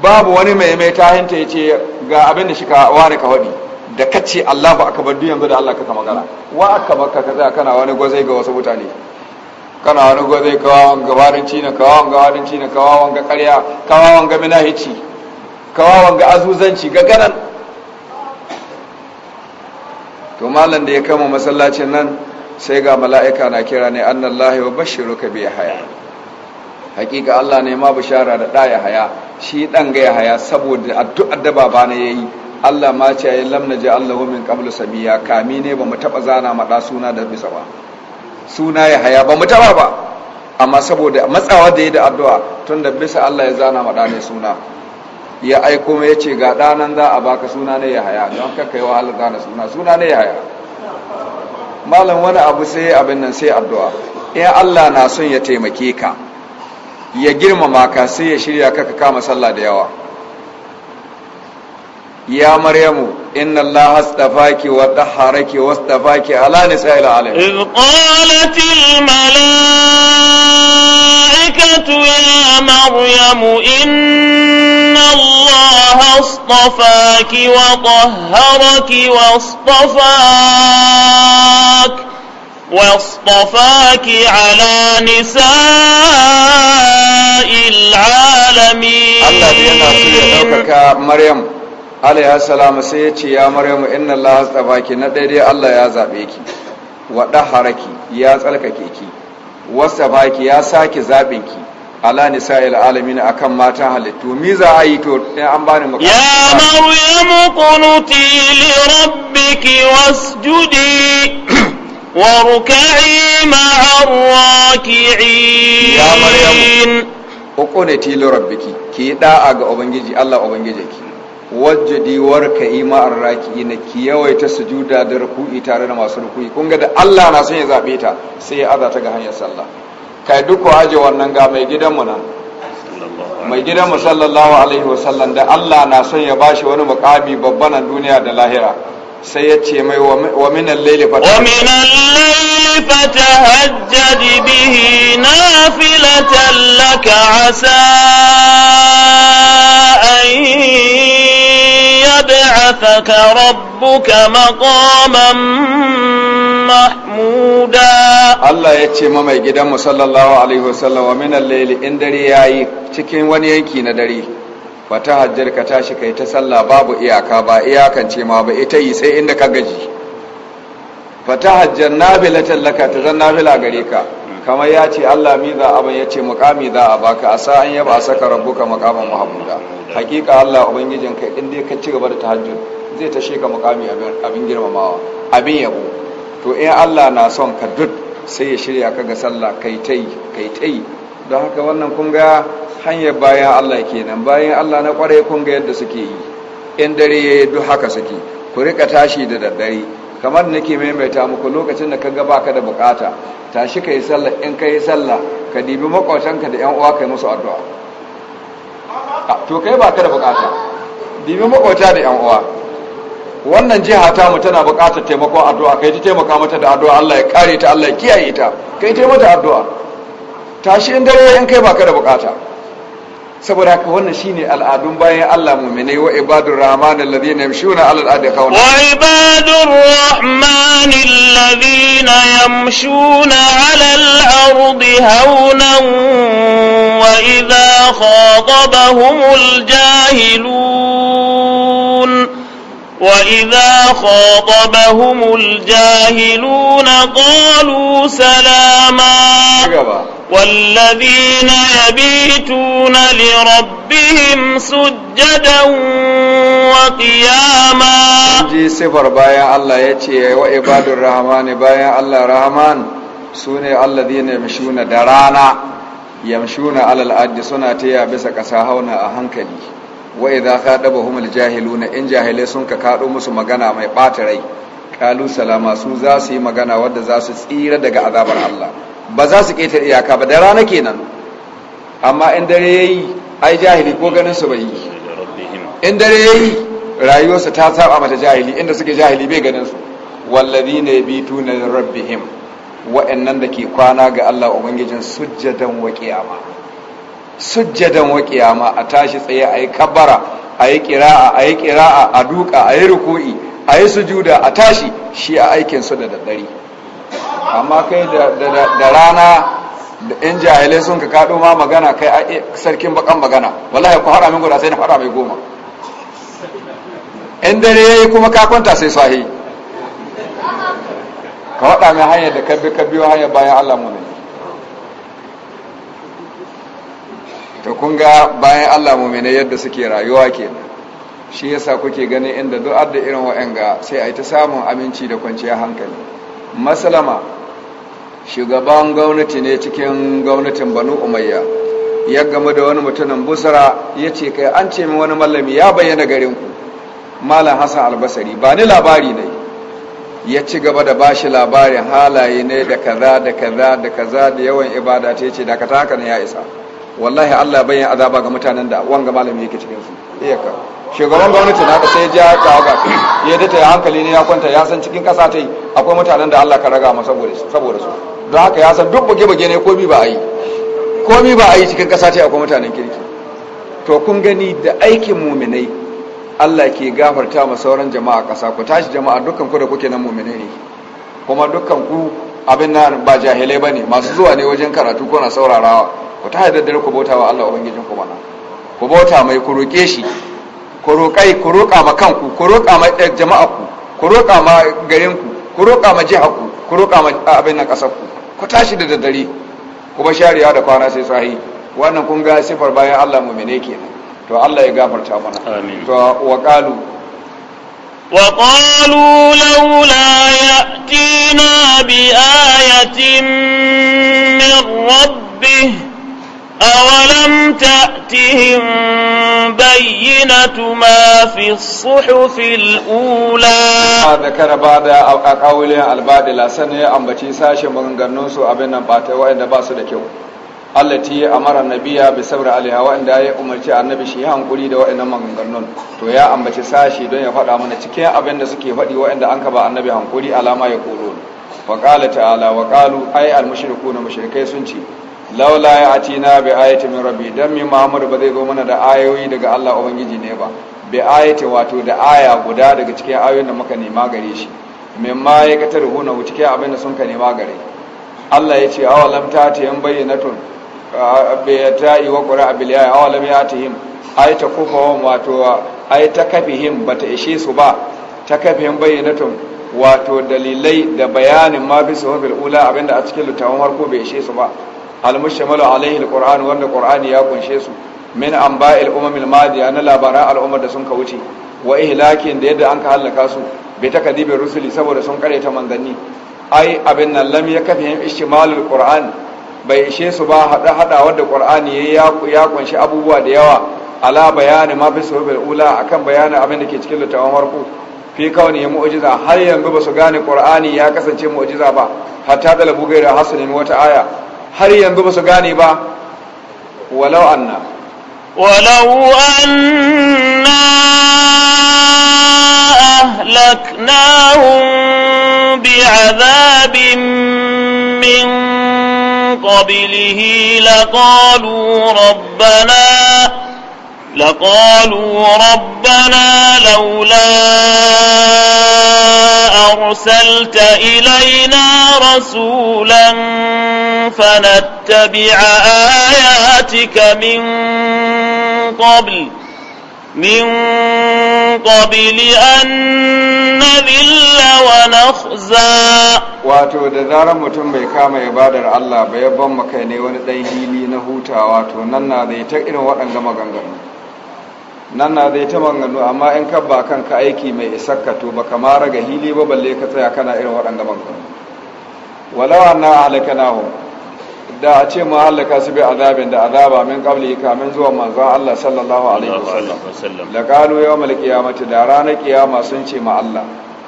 babu wani mai mai tahinta ya ce ga abin da ka ware ka faɗi da ka ce Allahu akabar! duk yanzu da Allah kaka magana wa aka baka ka tsaya kana wani gwazai ga wasu mutane kana wani gwazai ka gabarin cina barinci na cina wawan ga ƙarya wawan ga minahici kawawan ga azuzanci ga ganan to malam da ya kama masallacin nan sai ga mala'ika na kira ne annallahi wa bashiruka bi haya hakika Allah ne ma bishara da ɗaya haya shi ɗan ga ya haya saboda addu'ar da na yayi Allah ma ce ya lamna ji Allahu min qablu samiya kami ne ba mu taɓa zana maɗa suna da bisa ba suna ya haya ba mu taɓa ba amma saboda matsawa da yi da addu'a da bisa Allah ya zana maɗa ne suna ya aiko mai yace ga ɗanan za a baka suna ne ya haya don kakka yi wa Allah suna suna ne ya haya malam wani abu sai abin nan sai addu'a in Allah na son ya taimake ka ya girmama ka sai ya shirya ka ka kama sallah da yawa Ya Maryamu. يا مريم إن wa اصطفاك وطهرك واصطفاك على نساء العالم إذ قالت malaikatu ya maryamu inna إن الله اصطفاك وطهرك واصطفاك واصطفاك على نساء العالمين مريم عليها السلام سيتي يا مريم إن الله اصطفاك ندري الله يا زابيك وطهرك يا تلكك ki يا ساكي zaɓinki ala nisa'il alamin akan mata halittu mi za a yi to in an bani maka ya maryamu qunuti li rabbiki wasjudi warka'i ma'ar raki'in ya maryamu qunuti li rabbiki ki da'a ga ubangiji Allah ubangijinki wajjadi warka'i ma'ar raki'in ki yawaita sujuda da ruku'i tare da masu ruku'i kun ga da Allah na son ya zabe ta sai ya azata ga hanyar sallah kai duk aje wannan ga mai gidanmu nan mai gidanmu sallallahu alaihi wasallam da Allah na son ya bashi wani mukami babban a duniya da lahira sai ya ce mai wa minan laili fata hajjad bihi nafilatan laka asa an yab'athaka rabbuka maqaman mahmuda Allah ya ce ma mai gidanmu sallallahu alaihi wasallam wa min al-layli in dare yayi cikin wani yanki na dare fata hajjar ka tashi kai ta sallah babu iyaka ba iyakan ce ma ba ita yi sai inda ka gaji fata hajjar nabilatan laka ta zan bila gare ka kamar ya ce Allah mi za a ya ce mukami za a baka a sa an yaba a saka rabbuka maqaman mahmuda hakika Allah ubangijinka inda ka ci gaba da tahajjud zai tashe ka mukami abin girmamawa abin yabo to in Allah na son ka duk sai ya shirya ka ga sallah kai tai kai tai don haka wannan kun ga hanyar bayan Allah kenan bayan Allah na kware kun ga yadda suke yi in dare ya yi duk haka suke ku rika tashi da daddare kamar nake maimaita muku lokacin da ka ga baka da bukata tashi kai sallah in kai sallah ka dibi makwatanka da yan uwa kai musu addu'a to kai baka da bukata dibi makwata da yan uwa wannan jiha ta mu tana buƙatar taimakon addu'a kai ta taimaka mata da addu'a Allah ya kare ta Allah ya kiyaye ta kai ji mata addu'a tashi in dare in kai baka da buƙata saboda haka wannan shine al'adun bayan Allah mu'minai wa ibadur rahman alladhina yamshuna 'alal ardi khawna wa ibadur rahman alladhina yamshuna 'alal ardi hawna wa idha khatabahumul jahilun وإذا خاطبهم الجاهلون قالوا سلاما والذين يبيتون لربهم سجدا وقياما ji sifar bayan Allah ya ce wa ibadun rahmani bayan Allah rahman su ne alladhina yamshuna da rana yamshuna alal ardi suna taya bisa ƙasa hauna a hankali wa idza khadabahum aljahiluna in jahilai sun ka kado musu magana mai bata rai kalu salama su za su yi magana wadda za su tsira daga azabar Allah ba za su ketare iyaka ba da rana kenan amma in dare yayi ai jahili ko ganin su bai yi in dare yayi rayuwarsa ta saba mata jahili inda suke jahili bai ganin su wallazina yabituna rabbihim wa'annan da ke kwana ga Allah ubangijin sujjadan wa qiyama sujjadan wa kiyama a tashi tsaye a yi kabbara a yi kira'a a yi kira'a a duka a yi ruku'i a yi sujuda a tashi shi a aikin su da daddare amma kai da rana da yan jahilai sun ka kado ma magana kai a eh, sarkin bakan magana wallahi ku hada min guda sai na fara mai goma in dare yayi kuma ka kwanta sai sahi ka wada mai hanyar da kabbi kabbiyo hanyar bayan Allah mu ne to kun ga bayan Allah mu'minai yadda suke rayuwa ke shi yasa kuke ganin inda du'ar da irin wa'anga sai a yi ta samun aminci da kwanciyar hankali masalama shugaban gwamnati ne cikin gwamnatin banu umayya ya gama da wani mutumin busara ya ce kai an ce min wani mallami ya bayyana garin ku. malam hassan albasari ba ni labari ne ya ci gaba da bashi labarin halaye ne da kaza da kaza da kaza da yawan ibada ta ce da ka ya isa wallahi Allah bayan azaba ga mutanen da wanga malami yake cikin su ka shugaban gwamnati na sai ya ka ga ya ya hankali ne ya kwanta ya san cikin kasa tai akwai mutanen da Allah ka raga masa saboda saboda su don haka ya san duk buge buge ne komi ba a yi komi ba a yi cikin kasa tai akwai mutanen kirki to kun gani da aikin muminai Allah ke gafarta ma sauran jama'a kasa ku tashi jama'a dukkan ku da kuke nan muminai ne kuma dukkan ku abin nan ba jahilai bane masu zuwa ne wajen karatu ko na saurarawa ku ta haɗa dare ku bauta wa Allah ubangijin ku bana, ku bauta mai ku roƙe shi ku roƙai ku roƙa ma kanku ku roƙa ma eh, jama'a ku ku roƙa ma garin ku ku roƙa ma jiha ku ku roƙa ma abin nan ƙasar ku ku tashi da daddare ku ba shari'a da kwana sai sahi wannan kun ga sifar bayan Allah mu mene kenan to Allah ya gafarta mana amin to wa qalu wa qalu laula ya'tina bi ayatin min rabbih أولم تأتهم بينة ما في الصحف الأولى ذكر بعد أقول البعض لا سنة أم بتيساش من جنوس أبنا باتوا إن باس لكيو allati amara nabiya bi sabra alaiha wanda ya umarci annabi shi hankuri da wa'annan maganganun to ya ambaci sashi don ya faɗa mana cikin abin da suke faɗi wa'anda an ka ba annabi hankuri alama ya koro wa ta'ala wa qalu ay al mushrikuna mushrikai sun ce laula ya na bi ayati min rabbi dan mi muhammadu ba zai zo mana da ayoyi daga Allah ubangiji ne ba bi ayati wato da aya guda daga cikin ayoyin da muka nema gare shi min ma ya katar huna cikin abin da sun ka nema gare Allah ya ce lam ta ta yan bayyanatun yi wa qura bil ya awalam yatihim ay ta kufa wato ay ta kafihim bata ishe su ba ta kafihim bayyanatun wato dalilai da bayanin ma bisa wabil ula abinda a cikin littafin harko bai ishe su ba almushamalu alaihi alquran wanda qur'ani ya kunshe su min anba'il umamil madiya na labaran al'ummar da sun ka wuce wa ihlakin da yadda an ka halaka su bi takdibir rusuli saboda sun ta manzanni ai abin nan lam yakfihim ishtimalul qur'an bai ishe su ba hada hada wanda qur'ani ya ya kunshi abubuwa da yawa ala bayani ma fi sababil ula akan bayanin abin da ke cikin littafin farko fi kawani ya mu'jiza har yanzu ba su gane qur'ani ya kasance mu'jiza ba hatta dalabu labu gaira hasalin wata aya har yanzu ba su gane ba walau anna walau anna ahlaknahum bi'adabin min qablihi laqalu rabbana laqalu rabbana لولا أرسلت إلينا رسولا فنتبع آياتك من قبل من قبل أن نذل ونخزى wato da zarar mutum bai kama ibadar Allah ba ya ban makai ne wani ɗan hili na huta wato nan na zai ta irin waɗanga maganganu nan na zai ta manganu amma in ka ba kanka aiki mai isakka to baka ma raga hili ba balle ka tsaya kana irin waɗanda mangano walawa na halaka hu da a ce mahallaka su bi azabin da azaba min qabli kamin zuwa manzon Allah sallallahu alaihi wasallam la qalu yawmal qiyamati da ranar kiyama sun ce ma Allah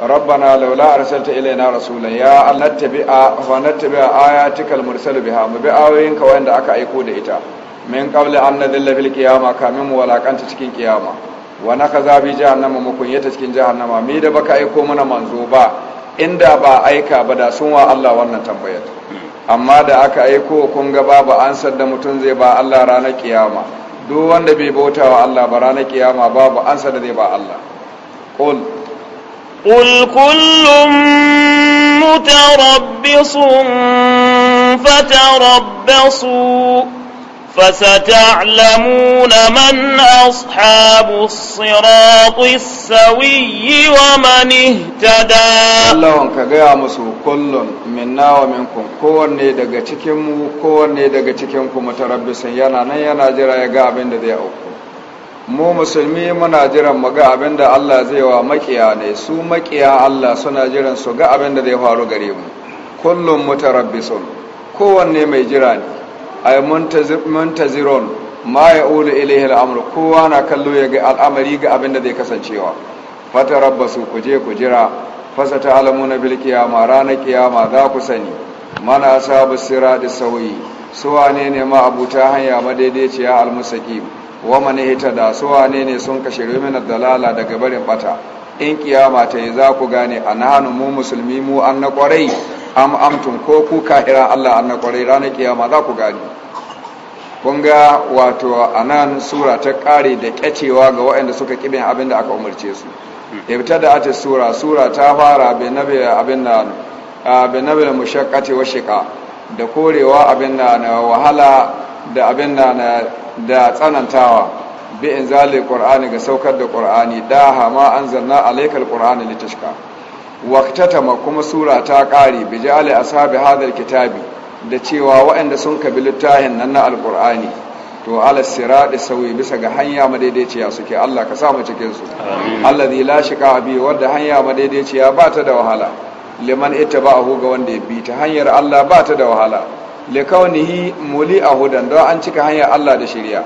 rabbana laula arsalta ilaina rasulan ya a wa nattabi'a ayatikal mursal biha mu bi ayoyinka wanda aka aiko da ita min qabli an nadilla fil qiyama kamin mu walakanta cikin qiyama wa nakaza bi jahannama mu kunyata cikin jahannama me da baka aiko mana manzo ba inda ba aika ba da sunwa Allah wannan tambayar amma da aka aiko kun ga babu ansar da mutum zai ba Allah ranar kiyama duk wanda bai bauta wa Allah ba ranar kiyama babu ansar da zai ba Allah qul qul kullum mutarabbis fatarabbasu فستعلمون من أصحاب الصراط السوي ومن اهتدى اللهم كغيا مسو كل منا ومنكم kowanne daga cikin mu kowanne daga كم ku mutarabbisin yana nan yana jira ya ga zai mu musulmi muna jiran mu ga abin da Allah zai wa makiya ne su makiya Allah suna jiran su ga abin da zai faru gare mu kullum mutarabbisun kowanne mai jira ne ay muntazirun ma ya'ulu ilayhi al-amr kowa na kallo ya ga al'amari ga abinda zai kasancewa fata rabbasu ku je ku jira fasa ta alamuna bil kiyama ranar kiyama za ku sani mana asabu da sauyi su ne ma abuta hanya madaidaiciya al wa wa man da suwane ne sun kashe rumin dalala daga barin bata in kiyama ta yi za ku gane a nahanu mu musulmi mu an na kwarai am amtun ko ku kahira Allah an na kwarai ranar kiyama za ku gane kun ga wato a nan sura ta kare da kyacewa ga waɗanda suka kibin abin da aka umarce su ibta da ake sura sura ta fara abin da binabe da wa shika da korewa abin da na wahala da abin da tsanantawa bi in zale qur'ani ga saukar da qur'ani da hama anzalna alaykal qur'ana litashka ma kuma sura ta kare bi jali ashabi hadal kitabi da cewa waɗanda sun kabi littafin nan na alqur'ani to ala sirati sauyi bisa ga hanya madaidaiciya suke Allah ka sa mu cikin su allazi la shika bi wanda hanya madaidaiciya ba ta da wahala liman ittaba'ahu ga wanda ya bi ta hanyar Allah ba ta da wahala li kaunihi muli ahudan don an cika hanyar Allah da shari'a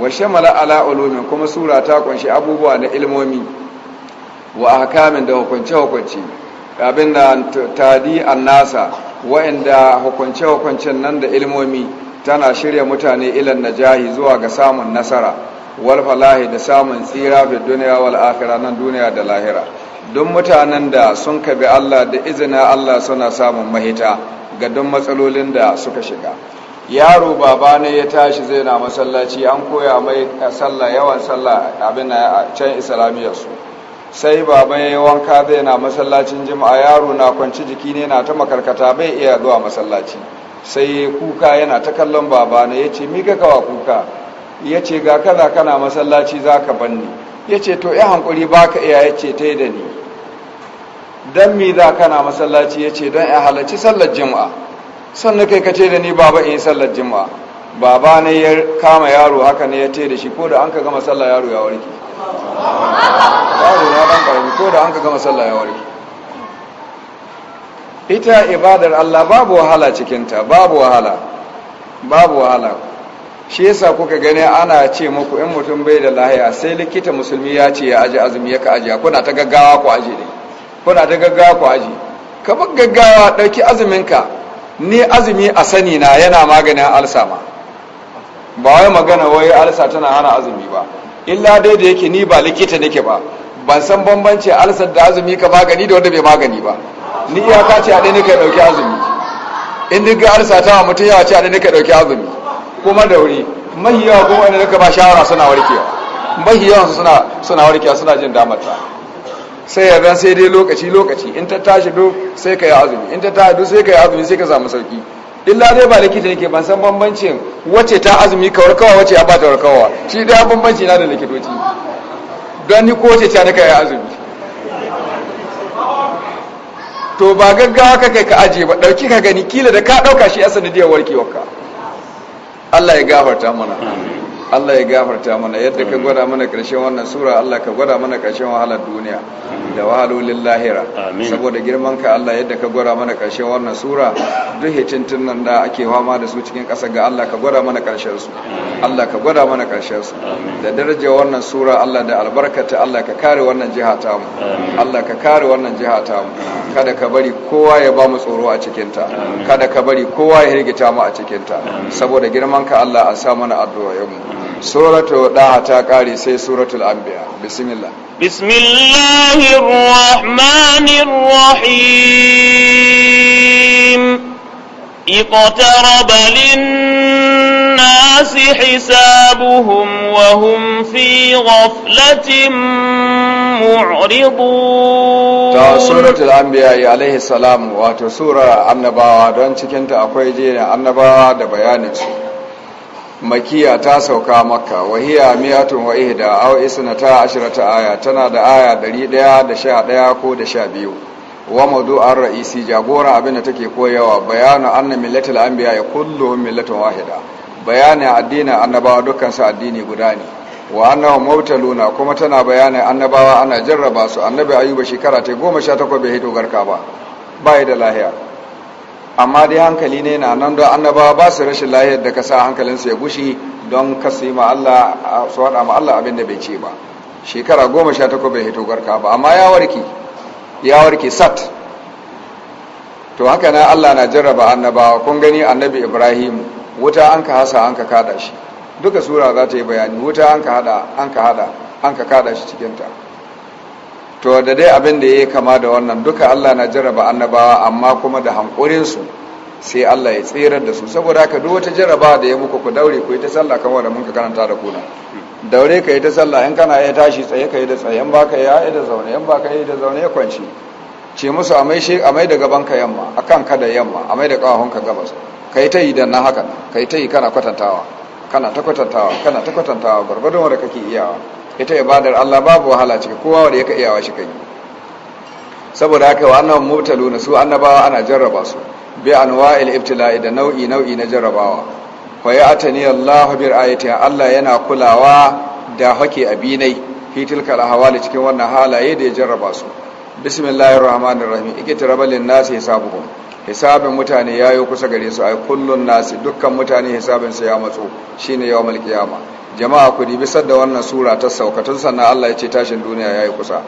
wa shamala ala ulumi kuma sura ta kunshi abubuwa na ilmomi wa ahkamin da hukunce hukunci abin da tadi annasa wa'anda hukunce hukuncen nan da ilmomi tana shirya mutane ilan najahi zuwa ga samun nasara wal falahi da samun tsira fi duniya wal akhirah nan duniya da lahira don mutanen da sun kabi Allah da izina Allah suna samun mahita ga don matsalolin da suka shiga yaro baba ne ya tashi zai na masallaci an koya mai eh, sallah yawan sallah abin a can islamiyyar su sai baba ya wanka zai na masallacin jima'a yaro na kwanci jiki ne na ta makarkata bai iya zuwa masallaci sai kuka yana ta kallon baba ne ya ce mika kawa kuka ya ce ga kaza kana masallaci za ka banni ya ce to ya hankuri ba ka iya ya ce ta yi da ni don mi za kana masallaci ya ce don ya halarci sallar jima'a sannan kai ka ce da ni baba in yi sallar juma'a baba ne ya kama yaro haka ne ya ce da shi ko da an ka gama sallah yaro ya warke yaro na dan karami ko da an ka gama sallah ya warke ita ibadar Allah babu wahala cikinta babu wahala babu wahala shi yasa kuka gani ana ce muku in mutum bai da lahiya sai likita musulmi ya ce ya aji azumi ya ka aji kuna ta gaggawa ku aji ne kuna ta gaggawa ku aji ka bar gaggawa ɗauki azuminka ni azumi a sani na yana maganin alsa ma ba wai magana wai alsa tana hana azumi ba illa dai da yake ni ba likita nake ba ban san bambanci alsa da azumi ka magani da wanda bai magani ba ni iyaka ce a ɗaya nika ɗauki azumi in duk alsa ta mutum yawa ce a ɗaya nika ɗauki azumi kuma da wuri mahi yawa kuma wanda nika ba shawara suna warkewa mahi yawan suna warkewa suna jin damar ta sai ya zan sai dai lokaci lokaci in ta tashi do sai ka yi azumi in ta tashi do sai ka yi azumi sai ka samu sauki illa dai ba likita yake ban san bambancin wace ta azumi ka warkawa wace ya ba ta warkawa shi dai bambanci na da likitoci don ni ko wace ta ka yi azumi to ba gaggawa ka kai ka aje ba dauki ka gani kila da ka dauka shi asanidiyar warkewarka Allah ya gafarta mana amin Allah ya gafarta mana yadda ka gwada mana ƙarshen wannan sura Allah ka gwada mana ƙarshen wahalar duniya da wahalolin lahira saboda girman ka Allah yadda ka gwada mana ƙarshen wannan sura duk hitintin nan da ake fama da su cikin ƙasa ga Allah ka gwada mana ƙarshen su Allah ka gwada mana ƙarshen su da darajar wannan sura Allah da albarkata Allah ka kare wannan jiha ta mu Allah ka kare wannan jiha ta mu kada ka bari kowa ya ba mu tsoro a cikin ta kada ka bari kowa ya hirgita mu a cikin ta saboda girman ka Allah an sa mana addu'o'in mu suratul daha ta kare sai suratul anbiya bismillah bismillahir rahmanir rahim iqtaraba lin-nas hisabuhum wa hum fi ghaflatin mu'ridun ta suratul anbiya alaihi salam wato sura annabawa don cikinta akwai jerin annabawa da bayanin su makiya ta sauka makka wahiya miyatun wa ihda aw ta ta aya tana da aya 111 ko da 12 wa ar ra'isi jagora abinda take koyawa bayanu anna millatul anbiya kullu millatun wahida bayani addinin annabawa dukkan su addini guda ne wa annahu mautaluna kuma tana bayanin annabawa ana jarraba su annabi ayuba shekara ta 18 bai hito garka ba bai da lahiya amma dai hankali ne na nan don annabawa ba su rashin lahiyar da ka sa hankalinsu ya gushi don su yi ma Allah su haɗa ma Allah bai ce ba shekara goma sha takwas bai hito garka ba amma ya warke ya warke sat to haka na Allah na jarraba annabawa kun gani annabi Ibrahim wuta an ka hasa an ka kada shi duka sura za ta yi bayani wuta an an ka hada an ka kada shi cikinta to da dai abin da ya kama da wannan duka Allah na jaraba annabawa amma kuma da hankurinsu sai Allah ya tsirar da su saboda haka duk wata jaraba da ya muku ku daure ku yi ta sallah kamar da muka karanta da kuna daure ka yi ta sallah in kana ya tashi tsaye ka yi da tsaye in baka ya yi da zaune in baka yi da zaune ya kwanci ce musu a shi da gaban ka yamma kan ka da yamma a mai da kawahon ka gabas ka yi ta yi dan na haka ka yi ta yi kana kwatantawa kana ta kwatantawa kana ta kwatantawa gwargwadon wanda kake iyawa ita ibadar Allah babu wahala ciki kowa wanda yake iyawa shi kai saboda haka wa mubtalu na su annabawa ana jarraba su bi anwa'il ibtila'i da nau'i nau'i na jarrabawa fa atani Allah bi ayati Allah yana kulawa da hake abinai fi tilkal ahwali cikin wannan halaye da ya jarraba su bismillahir rahmanir rahim ikitrabal linnas hisabuhum hisabin mutane yayo kusa gare su ay kullun nasi, dukkan mutane hisabin su ya matso shine yawmal qiyamah jama'a ku ribi sadda wannan sura ta sauka tun sannan Allah ya ce tashin duniya ya yi kusa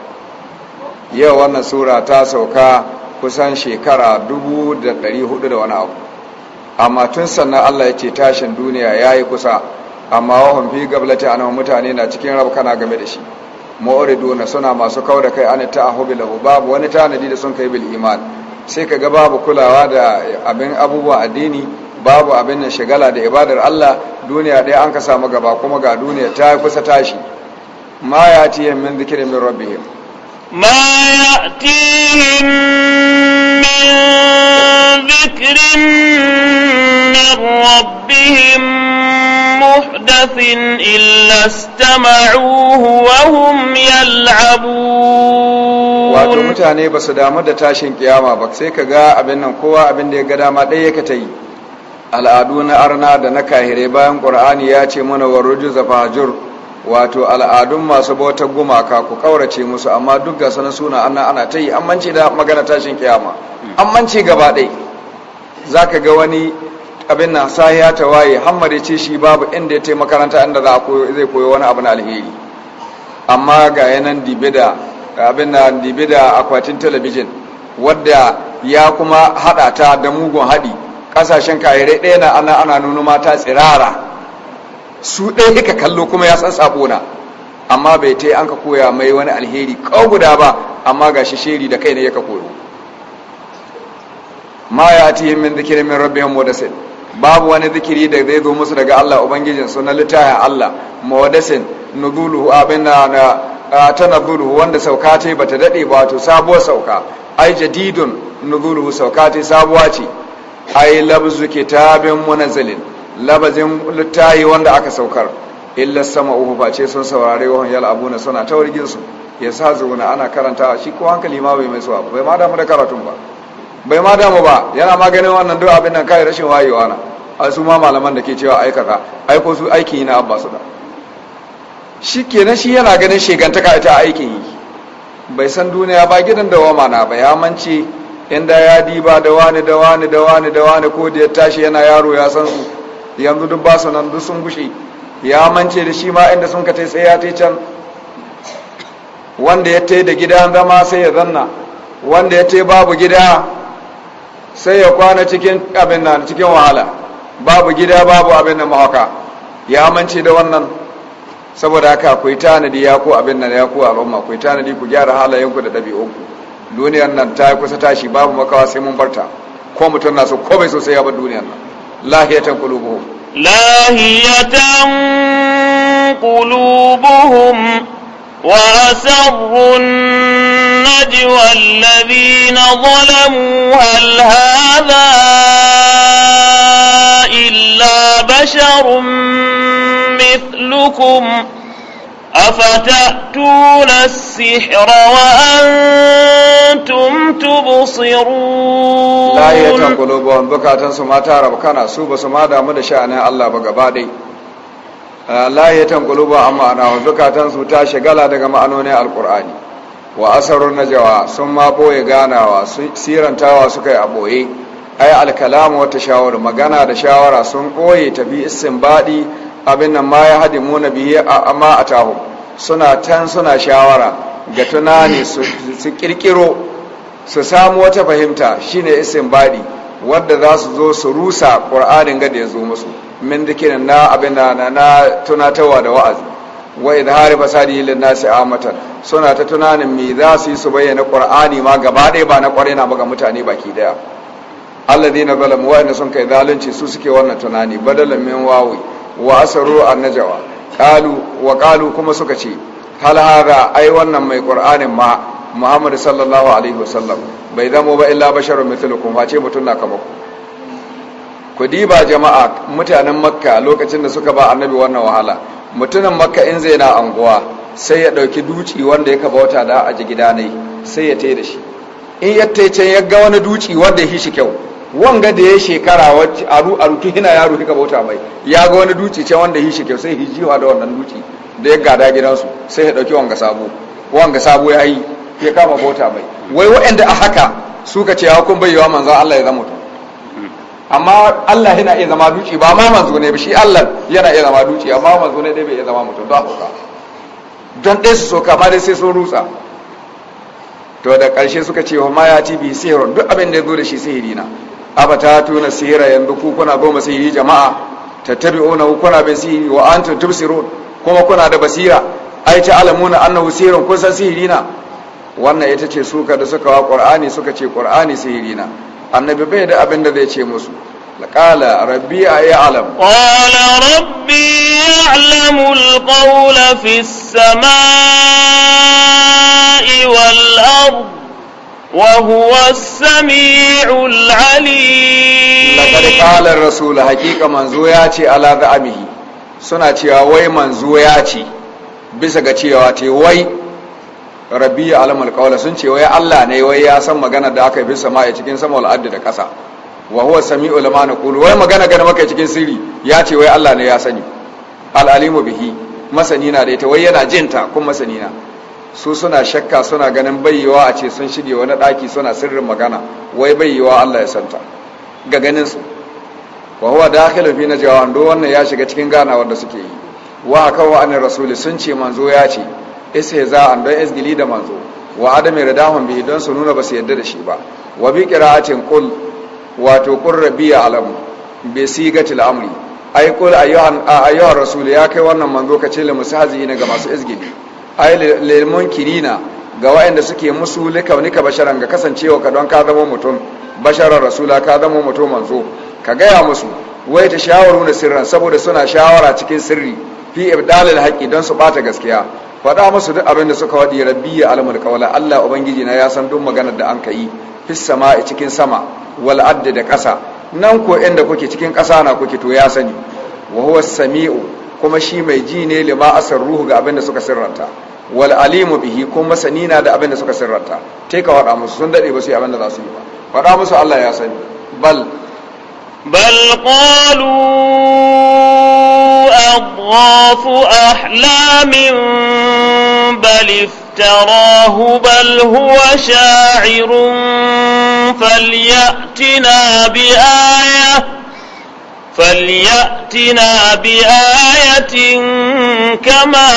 yau wannan sura ta sauka kusan shekara 1400 da wani abu amma tun sannan Allah ya ce tashin duniya ya yi kusa amma wahun fi gablata anan mutane na cikin kana game da shi ma'uriduna suna masu kawo da kai an ta ahubi lahu babu wani tanadi da sun kai bil iman sai ka ga babu kulawa da abin abubuwa addini babu abin da shagala da ibadar Allah duniya ɗaya an ka samu gaba kuma ga duniya ta kusa tashi ma ya tiye min zikirin min rabbihim ma ya tiye min zikirin min rabbihim muhdathin illa istama'uhu wa hum yal'abun wato mutane ba su damu da tashin kiyama ba sai ka ga abin nan kowa abin da ya ga dama ɗaya ka ta yi al'adu na arna da na kahire bayan ƙur'ani ya ce mana wa rujuza zafajur wato al'adun masu bauta gumaka ku ƙaurace musu amma duk ga sanin suna ana ana ta yi amince da magana tashin kiyama amince gaba ɗai za ka ga wani abin na sahi ya tawaye hammar ya ce shi babu inda ya taimaka makaranta inda za zai koyo wani abu na alheri amma ga yanan dibida abin na akwatin talabijin wadda ya kuma haɗa ta da mugun haɗi kasashen kayere ɗaya na ana ana nuna mata tsirara su ɗaya ika kallo kuma ya san sabona, amma bai ta an ka koya mai wani alheri kawo guda ba amma ga shi sheri da kai ne ya ka koyo ma ya yi min zikirin min yan modasin babu wani zikiri da zai zo musu daga Allah ubangijin su na litaya Allah modasin nuzulu abin na nuzulu wanda sauka ta bata daɗe ba to sabuwar sauka ai jadidun nuzulu sauka ta sabuwa ce ai labzu kitabin munazilin labazin littayi wanda aka saukar illa sama ba ce sun saurare wahan yal abuna suna ta su ya sa zuwa ana karanta shi ko hankali ma bai mai suwa bai ma damu da karatun ba bai ma damu ba yana maganin wannan duk abin nan kai rashin wayewa na a su ma malaman da ke cewa aikata ko su aiki na abba su da shi kenan shi yana ganin shegantaka ita aikin yi bai san duniya ba gidan dawama na ba ya inda ya diba da wani da wani da wani da wani ko da ya tashi yana yaro ya san su yanzu duk ba su nan duk sun gushe ya mance da shi ma inda sun ka tai sai ya tai can wanda ya tai da gida zama sai ya zanna wanda ya tai babu gida sai ya kwana cikin abin nan cikin wahala babu gida babu abin nan mahauka ya mance da wannan saboda haka akwai tanadi ya ko abin nan ya ko al'umma akwai tanadi ku gyara halayenku da ɗabi'unku duniyar nan ta kusa tashi babu makawa sai mun barta ko mutum na so ko bai so sai ya bar duniyar nan lahiyatan qulubuhum lahiyatan qulubuhum wa asrun النجوى الذين zalamu hal هذا illa basharun mithlukum أفتأتون السحر وأنتم تبصرون لا يتن قلوبهم بكاة سما تارب كان سوب سما دام دشان الله بقبادي لا يتن قلوبهم أما أنا بكاة سوتا شغالا دقا معنوني القرآن وأسر النجوى سما بوي غانا وسيرا تاوى سكي أبوي أي الكلام والتشاور مغانا دشاورا سنقوي تبي السنبادي abin nan ma ya hadi muna biye a amma a taho suna tan suna shawara ga tunani su kirkiro su samu wata fahimta shine baɗi wadda za su zo su rusa ƙwar'anin gada ya zo musu min dikirin na abin na na tunatarwa da wa'azi wa hari fasadi lin nasi amatan suna ta tunanin mai za su yi su bayyana ƙwar'ani ma gaba ɗaya ba na ƙwarai na ba ga mutane baki daya alladhina zalamu wa inna sun kai zalunci su suke wannan tunani badalin min wawi wa asaru annajawa qalu wa qalu kuma suka ce hal hada ai wannan mai qur'anin ma muhammad sallallahu alaihi wasallam bai zama ba illa basharun mithlukum ce mutun na kamar ku diba jama'a mutanen makka lokacin da suka ba annabi wannan wahala Mutunan makka in zai na anguwa sai ya dauki duci wanda ya kaba wata da a ji gida ne sai ya tai da shi in ya tai can ya ga wani duci wanda ya shi kyau wanga da ya shekara aru aru tun yaro kika bauta mai ya ga wani duci can wanda shi kyau sai hijiwa da wannan duci da ya gada gidansu sai ya dauki wanga sabo wanga sabo ya yi ya kama bauta mai wai waɗanda a haka suka ce kun bayyawa manzo Allah ya zama mutum amma Allah yana iya zama duci ba ma manzo ne ba shi Allah yana iya zama duci amma manzo ne dai bai iya zama mutum don haka don ɗaya su so kama dai sai sun rutsa to da ƙarshe suka ce wa ma ya ci bi sihirun duk abin da ya zo da shi sihiri na ta tuna sira yanzu ku kuna goma yi jama'a tattabi'una kuna bin wa antum tubsirun kuma kuna da basira ai ta alamuna annahu sihirun kun san sihiri na wannan ita ce suka da suka wa qur'ani suka ce qur'ani sihiri na annabi bai da abin da zai ce musu قال ربي qala rabbi ya'lamu alqawla fis في wal والأرض وهو السميع العليم لقد قال الرسول حقيقة منزو ياتي على ذعمه سنة وي منزو ياتي bisa ga cewa te wai rabbi alamul qawla sun ce wai Allah ne wai ya san magana da aka yi bisa ma cikin sama al'adda da ƙasa wa huwa sami'ul lima naqulu wai magana ga maka cikin sirri ya ce wai Allah ne ya sani al alimu bihi masani na da ita wai yana jinta kuma masani na su suna shakka suna ganin bayyawa a ce sun shige wani ɗaki suna sirrin magana wai bayyawa Allah ya santa ga ganinsu wa huwa dakhilu fi najwa do wannan ya shiga cikin gana wanda suke yi wa akawa an rasuli sun ce manzo ya ce za an don isdili da manzo wa adami radahum bi don su nuna ba su yadda da shi ba wa bi qira'atin qul wato qur ya alamu bi sigatil amri ay qul ayyuhan ayyuhar rasuli ya kai wannan manzo ka ce li musahzi ne ga masu isgili Ai lemon kirina, ga wayanda suke musu likaunika basharan ga kasancewa ka don ka zama mutum basharar rasula ka zama mutum manzo ka gaya musu wai ta shawaru na sirran saboda suna shawara cikin sirri fi ibdalil haqqi don su bata gaskiya faɗa musu duk abin da suka wadi rabbi ya almul qawla Allah ubangiji na ya san duk maganar da an kai fi sama'i cikin sama wal adda da ƙasa nan ko inda kuke cikin ƙasa na kuke to ya sani wa huwa samiu kuma shi mai ji ne lima asar ruhu ga abin da suka sirranta wal alimu bihi ko masani na da abin da suka sirranta te ka faɗa musu sun daɗe ba su yi abin da za su yi ba faɗa musu Allah ya sani bal bal qalu adhafu ahlamin bal iftarahu bal huwa sha'irun falyatina bi ayah فليأتنا بآية كما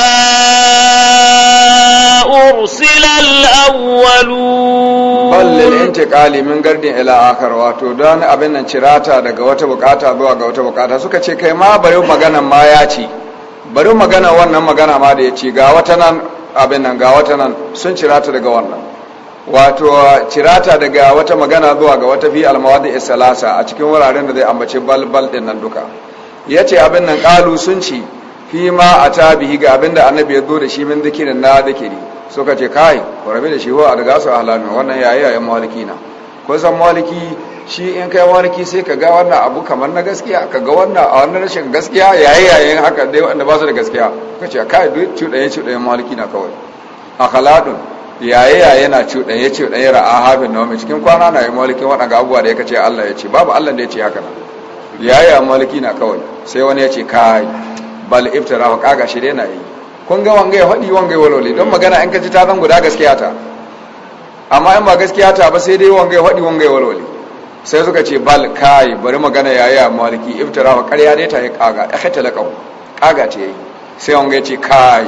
أرسل الأولون ballil intiqali min gardin ila akhar wato don abin nan cirata daga wata bukata zuwa ga wata bukata suka ce kai ma bari magana ma ya ce bari magana wannan magana ma da ya ce ga wata nan abin nan ga wata nan sun cirata daga wannan wato cirata daga wata magana zuwa ga wata fi almawadi isalasa a cikin wuraren da zai ambaci balbal din nan duka ya ce abin nan kalu sun ci fi ma a tabihi ga abin da annabi ya zo da shi min zikirin na zikiri suka ce kai ku rabi da shi ho a daga su ahlami wannan yayi yayin maliki na ko san maliki shi in kai maliki sai ka ga wannan abu kamar na gaskiya ka ga wannan a wannan rashin gaskiya yayi yayin haka dai wanda ba su da gaskiya kace kai duk cuɗayen cuɗayen maliki na kawai akhaladun yaye yaye na cuɗan ya ce ɗan yara na wani cikin kwana na yi malikin waɗanda abubuwa da ya kace Allah ya ce babu Allah da ya ce haka na yaye a maliki na kawai sai wani ya ce kai bal iftara wa kaga shi dai na yi kun ga wanga ya faɗi wanga ya walole don magana in ka ji ta zan guda gaskiya ta amma in ba gaskiya ta ba sai dai wanga ya faɗi wanga ya walole sai suka ce bal kai bari magana yaye a maliki iftara wa ƙarya dai ta yi kaga ya haita laƙau kaga ce sai wanga ya ce kai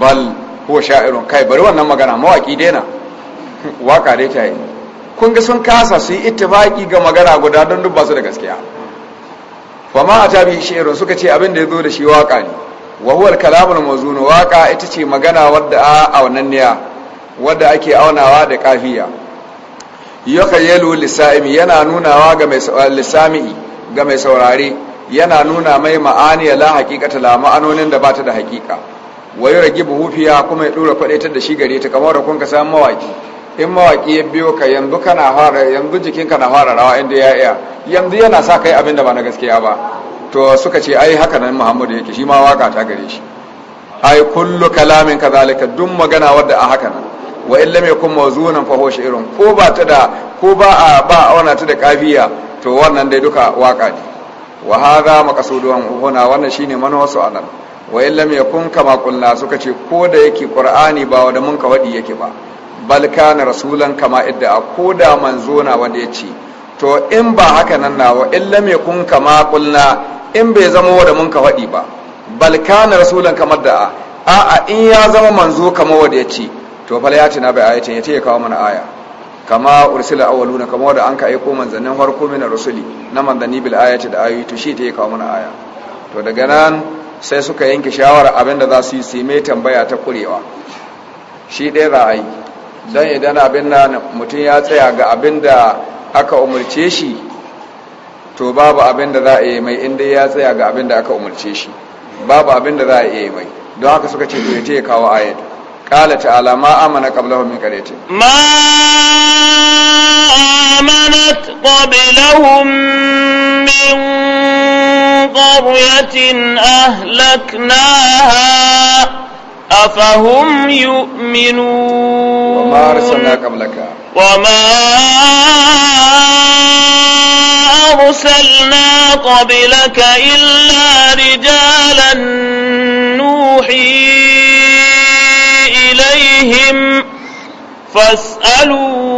bal huwa sha'irun kai bari wannan magana mawaki daina waka dai ta yi kun ga sun kasa su yi ittifaki ga magana guda don dubba su da gaskiya fa ma ata bi sha'irun suka ce abin da zo da shi waka ne wa huwa al-kalamul mawzun waka ita ce magana wadda a niya wadda ake aunawa da kafiya yukhayyalu lisaimi yana nunawa ga mai lisami ga mai saurare yana nuna mai ma'ani la haqiqata la ma'anonin da bata da haqiqa wa rage buhufiya kuma ya dora fadaitar da shi gare ta kamar da kun ka san mawaki in mawaki ya biyo ka yanzu kana fara yanzu jikinka na fara rawa inda ya iya yanzu yana sa kai abin da ba na gaskiya ba to suka ce ai haka nan Muhammadu yake shi ma waka ta gare shi ai kullu kalamin zalika duk magana wadda a haka nan wa in lam yakun mawzunan fa huwa shi'run ko ba ta da ko ba a ba auna ta da kafiya to wannan dai duka waka ne wa hadha maqsuduhum huna wannan shine manawasu anan wa illam yakun kama qulna suka ce ko da yake qur'ani ba wanda mun ka wadi yake ba bal kana rasulan kama idda ko da manzo na wanda yace to in ba haka nan na wa illam yakun kama qulna in bai zama wanda mun ka wadi ba bal kana rasulan kama da'a a a in ya zama manzo kama wanda yace to fal ya tina bai ayatin yace ya kawo mana aya kama ursila awwaluna kama wanda an ka aiko manzannin farko min rusuli na manzanni bil ayati da ayoyi to shi ta ya kawo mana aya to daga nan sai suka yanke shawara abinda za su yi su mai tambaya ta kurewa shi ɗaya za a yi don idan abin na mutum ya tsaya ga abin da aka umarce shi to babu abin za a yi mai inda ya tsaya ga abin da aka umarce shi babu abin za a yi mai don haka suka ce to ya kawo ayat قال alama ما آمن قبله min قرية ما آمنت قبلهم min قرية أهلكناها أفهم يؤمنون وما أرسلنا قبلك وما أرسلنا قبلك إلا رجالا نوحي إليهم فاسألوا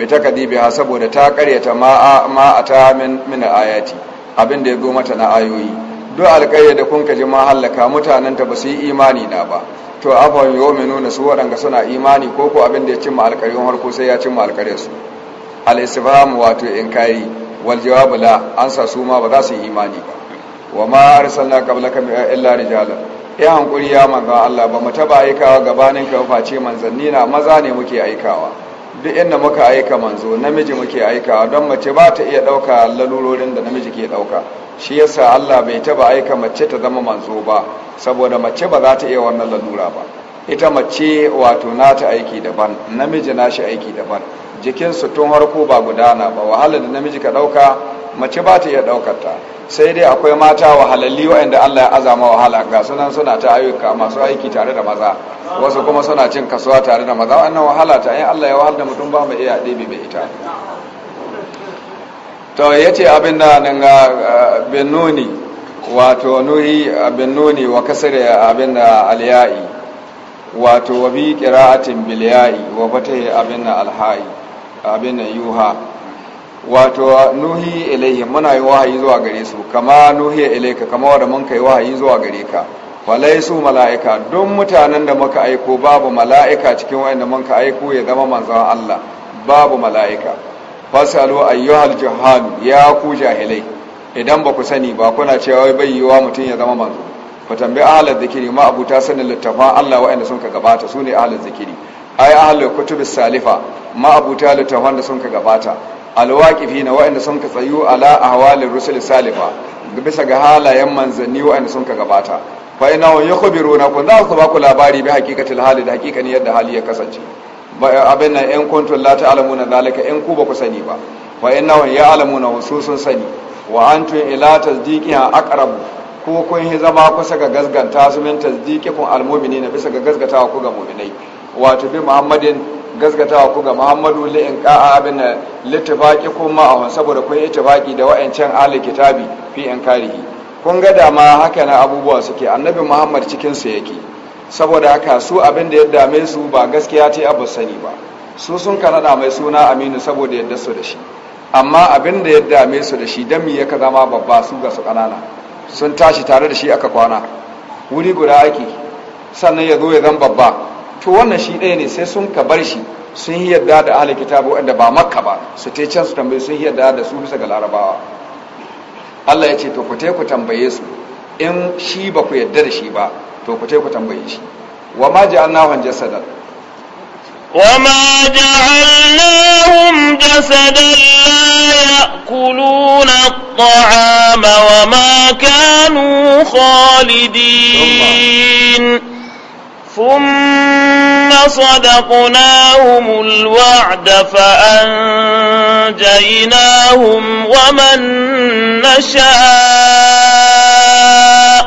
bi takadibiha saboda ta karyata ma a ta min ayati abin da ya mata na ayoyi duk alƙayya da kun kaji ma hallaka mutanen ta ba su yi imani na ba to afa mai nuna su waɗanda suna imani ko ko abin da ya cimma alƙaryun harko sai ya cimma alƙaryar su al wato in wal jawab la an sa su ma ba za su yi imani ba wa ma arsalna qablaka illa rijala ya hankuri ya manzan Allah ba mu taba aikawa gabanin ka face manzanni na maza ne muke aikawa duk inda muka aika manzo namiji muke aika don mace ba ta iya ɗauka lalurorin da namiji ke ɗauka shi yasa Allah bai taba aika mace ta zama manzo ba saboda mace ba za ta iya wannan lalura ba ita mace wato nata aiki daban namiji nashi aiki daban jikinsu tun harko ba gudana ba wahala da namiji ka ɗauka mace ba ta iya ɗaukar ta sai dai akwai mata wahalalli waɗanda Allah ya azama wahala ga sunan suna ta ayyuka masu aiki tare da maza wasu kuma suna cin kasuwa tare da maza wannan wahala ta yin Allah ya wahal da mutum ba mu iya ɗebe mai ita to ya ce abin da nan ga nuni wato nuhi nuni wa kasare abin da aliyayi wato wa bi bil ya'i wa fatahi abin da alha'i abin da yuha wato nuhi ilaihi muna yi wahayi zuwa gare su kama nuhi ilaika kama wanda mun kai wahayi zuwa gare ka walaisu mala'ika don mutanen da muka aiko babu mala'ika cikin wanda muka aiko ya zama manzon Allah babu mala'ika fasalu ayyuhal jahal ya ku jahilai idan ba ku sani ba kuna cewa bai yiwa mutum ya zama manzo ku tambayi ahlul zikiri ma abuta sanin littafan Allah wanda sun ka gabata sune ahlul zikiri ai ahlul kutubis salifa ma abuta littafan da sun ka gabata alwaqifi na wa'anda sun ka tsayu ala ahwalir rusul salifa bisa ga halayen manzanni wa'anda sun ka gabata fa ina wa na kun za su ba ku labari bi haqiqatil hali da haqiqani yadda hali ya kasance abin nan in kuntum la ta'lamuna zalika in ku ba ku sani ba fa inna wa ya'lamuna hususun sani wa antum ila a aqrab ko kun hi zama kusa ga gasganta su min tasdiqikum almu'minina bisa ga gasgatawa ku ga mu'minai wato bi muhammadin gasgatawa ku ga muhammadu li'in ka'a abin da littafaki kuma a saboda kun ittifaki da wa'ancan ahli kitabi fi in karihi kun ga dama haka na abubuwa suke annabi muhammad cikin su yake saboda haka su abin da ya dame su ba gaskiya ce abu sani ba su sun kanada mai suna aminu saboda yadda su da shi amma abin da ya dame su da shi don mi yaka zama babba su ga su kanana sun tashi tare da shi aka kwana wuri guda ake sannan ya zo ya zama babba to wannan shi ɗaya ne sai sun ka bar shi sun yi yadda da ahli kitabu wanda ba makka ba su te can su tambaye sun yi yadda da su bisa ga larabawa Allah ya ce to ku ku tambaye su in shi ba ku yarda da shi ba to ku ku tambaye shi wa ma ja'alnahum jasadan wa ma ja'alnahum jasadan la ya'kuluna at-ta'ama wa ma kanu khalidin ثم صدقناهم الوعد فأنجيناهم ومن نشاء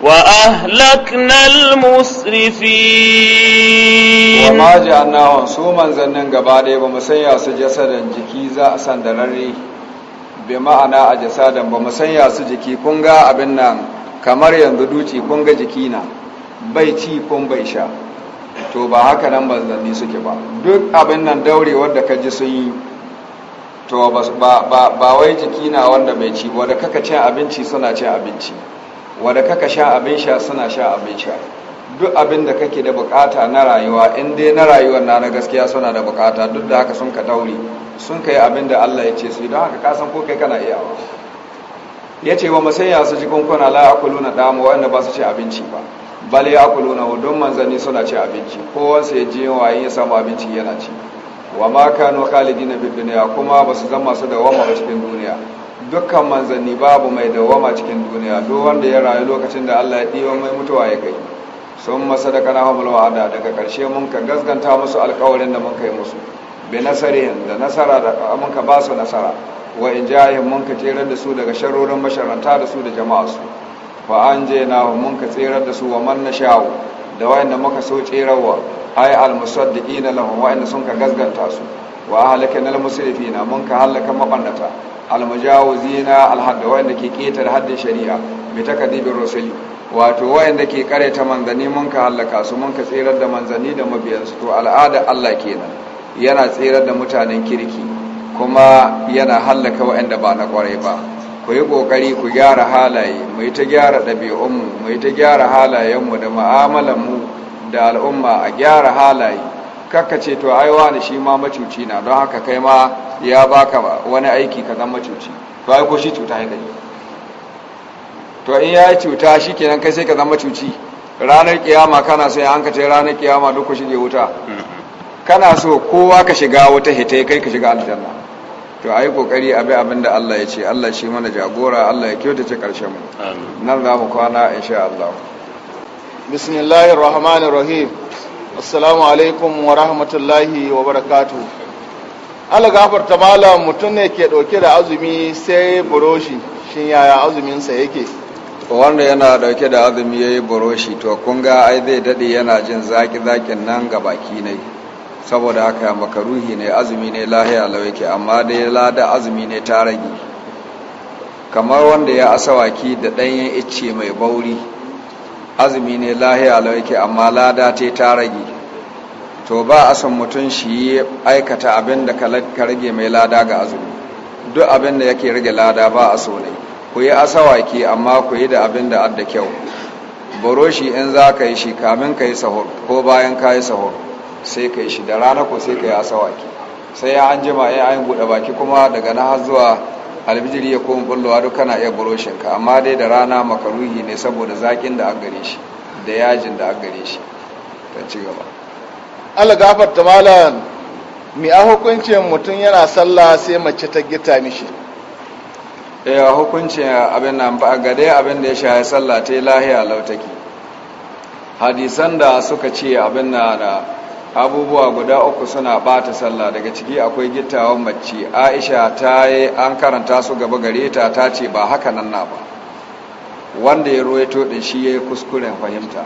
وأهلكنا المسرفين وما جعلناهم سوما زنن قبالي ومسيح سجسدا جكيزا سندلري بمعنى أجسادا ومسيا سجكي كونغا أبنان kamar yanzu duci kunga jikina bai ci kun bai sha to ba haka nan zanni suke ba duk abin nan daure wanda ka ji sun yi to ba wai jiki na wanda bai ci wadda kaka cin abinci suna cin abinci wadda kaka sha abin sha suna sha abin sha duk abin da kake da bukata na rayuwa in dai na rayuwar na na gaskiya suna da bukata duk da haka sun ka daure sun ka yi abin da Allah ya ce su don haka kasan ko kai kana iyawa ya ce wa masanya su ji kunkuna la akulu na damu wanda ba su ce abinci ba bal ya kulu na hudun manzanni suna ci abinci kowansa ya ji yawa ya samu abinci yana ci wa ma kano khalidi na duniya kuma ba su zama su dawama a cikin duniya dukkan manzanni babu mai dawama cikin duniya duk wanda ya rayu lokacin da Allah ya ɗiwa mai mutuwa ya kai sun masa da kana hamul wa'ada daga karshe mun ka gasganta musu alkawarin da mun kai musu bi nasarihin da nasara da mun ka ba su nasara wa in jayin mun ka terar da su daga sharorin masharanta da su da jama'a su fa an je na mun ka tserar da su wa man nasha'u da wayanda muka so tsirawa ay al musaddiqina lahum wayanda sun ka gazganta su wa ahlakana al musrifina mun ka halaka mabannata al mujawizina al hadd wayanda ke ketare haddin shari'a bi takdibir rusuli wato wayanda ke kareta manzani mun ka halaka su mun ka tserar da manzani da mabiyansu to al'ada Allah kenan yana tserar da mutanen kirki kuma yana halaka wayanda ba na kwarai ba ku yi ƙoƙari ku gyara halaye mu yi ta gyara ɗabi'unmu mu yi ta gyara halayenmu da mu'amalanmu da al'umma a gyara halaye kakka ce to ai wani shi ma macuci na don haka kai ma ya baka wani aiki ka zama macuci to ai ko shi cuta ya gani to in ya yi cuta shi kenan kai sai ka zama macuci ranar kiyama kana sai an ka ce ranar kiyama duk ku shige wuta kana so kowa ka shiga wuta hita kai ka shiga aljanna to a yi kokari a bi abinda Allah ya ce Allah shi mana jagora Allah ya kyautace karshen mu nan za mu kwana sha Allah bismillahir rahmanir rahim assalamu alaikum wa rahmatullahi wa barakatuh Allah gafarta malam mutum ne ke dauke da azumi sai buroshi shin yaya azumin sa yake wanda yana dauke da azumi yayi buroshi to kun ga ai zai dade yana jin zaki zakin nan ga baki ne saboda haka makaruhi ne azumi ne lahiya lawake amma dai lada azumi ne ta rage kamar wanda ya asawaki da ɗanyen icce mai bauri azumi ne lahiya lawake amma lada ta ta rage to ba a san mutum shi aikata abin da ka rage mai lada ga azumi duk abin da yake rage lada ba a so ne ku yi asawaki amma ku yi da abin da adda kyau boroshi in za ka yi shi kamin ka yi sahur ko bayan ka yi sahur sai ka yi shi da rana ko sai ka yi asawaki sai ya an jima ya an buɗe baki kuma daga na har zuwa albijiri ya koma bullowa duk kana iya ka. amma dai da rana makaruhi ne saboda zaƙin da an gare shi da yajin da an gare shi ta ci gaba allah gafar ta malam mai a hukuncin mutum yana sallah sai mace ta gita mishi eh hukuncin abin nan ba ga dai abin da ya shaye sallah ta lahiya lautaki hadisan da suka ce abin na abubuwa guda uku suna bata sallah daga ciki akwai gittawan mace aisha ta yi an karanta su gaba gare ta ta ce ba haka nan na ba wanda ya ruwaito din shi ya yi kuskuren fahimta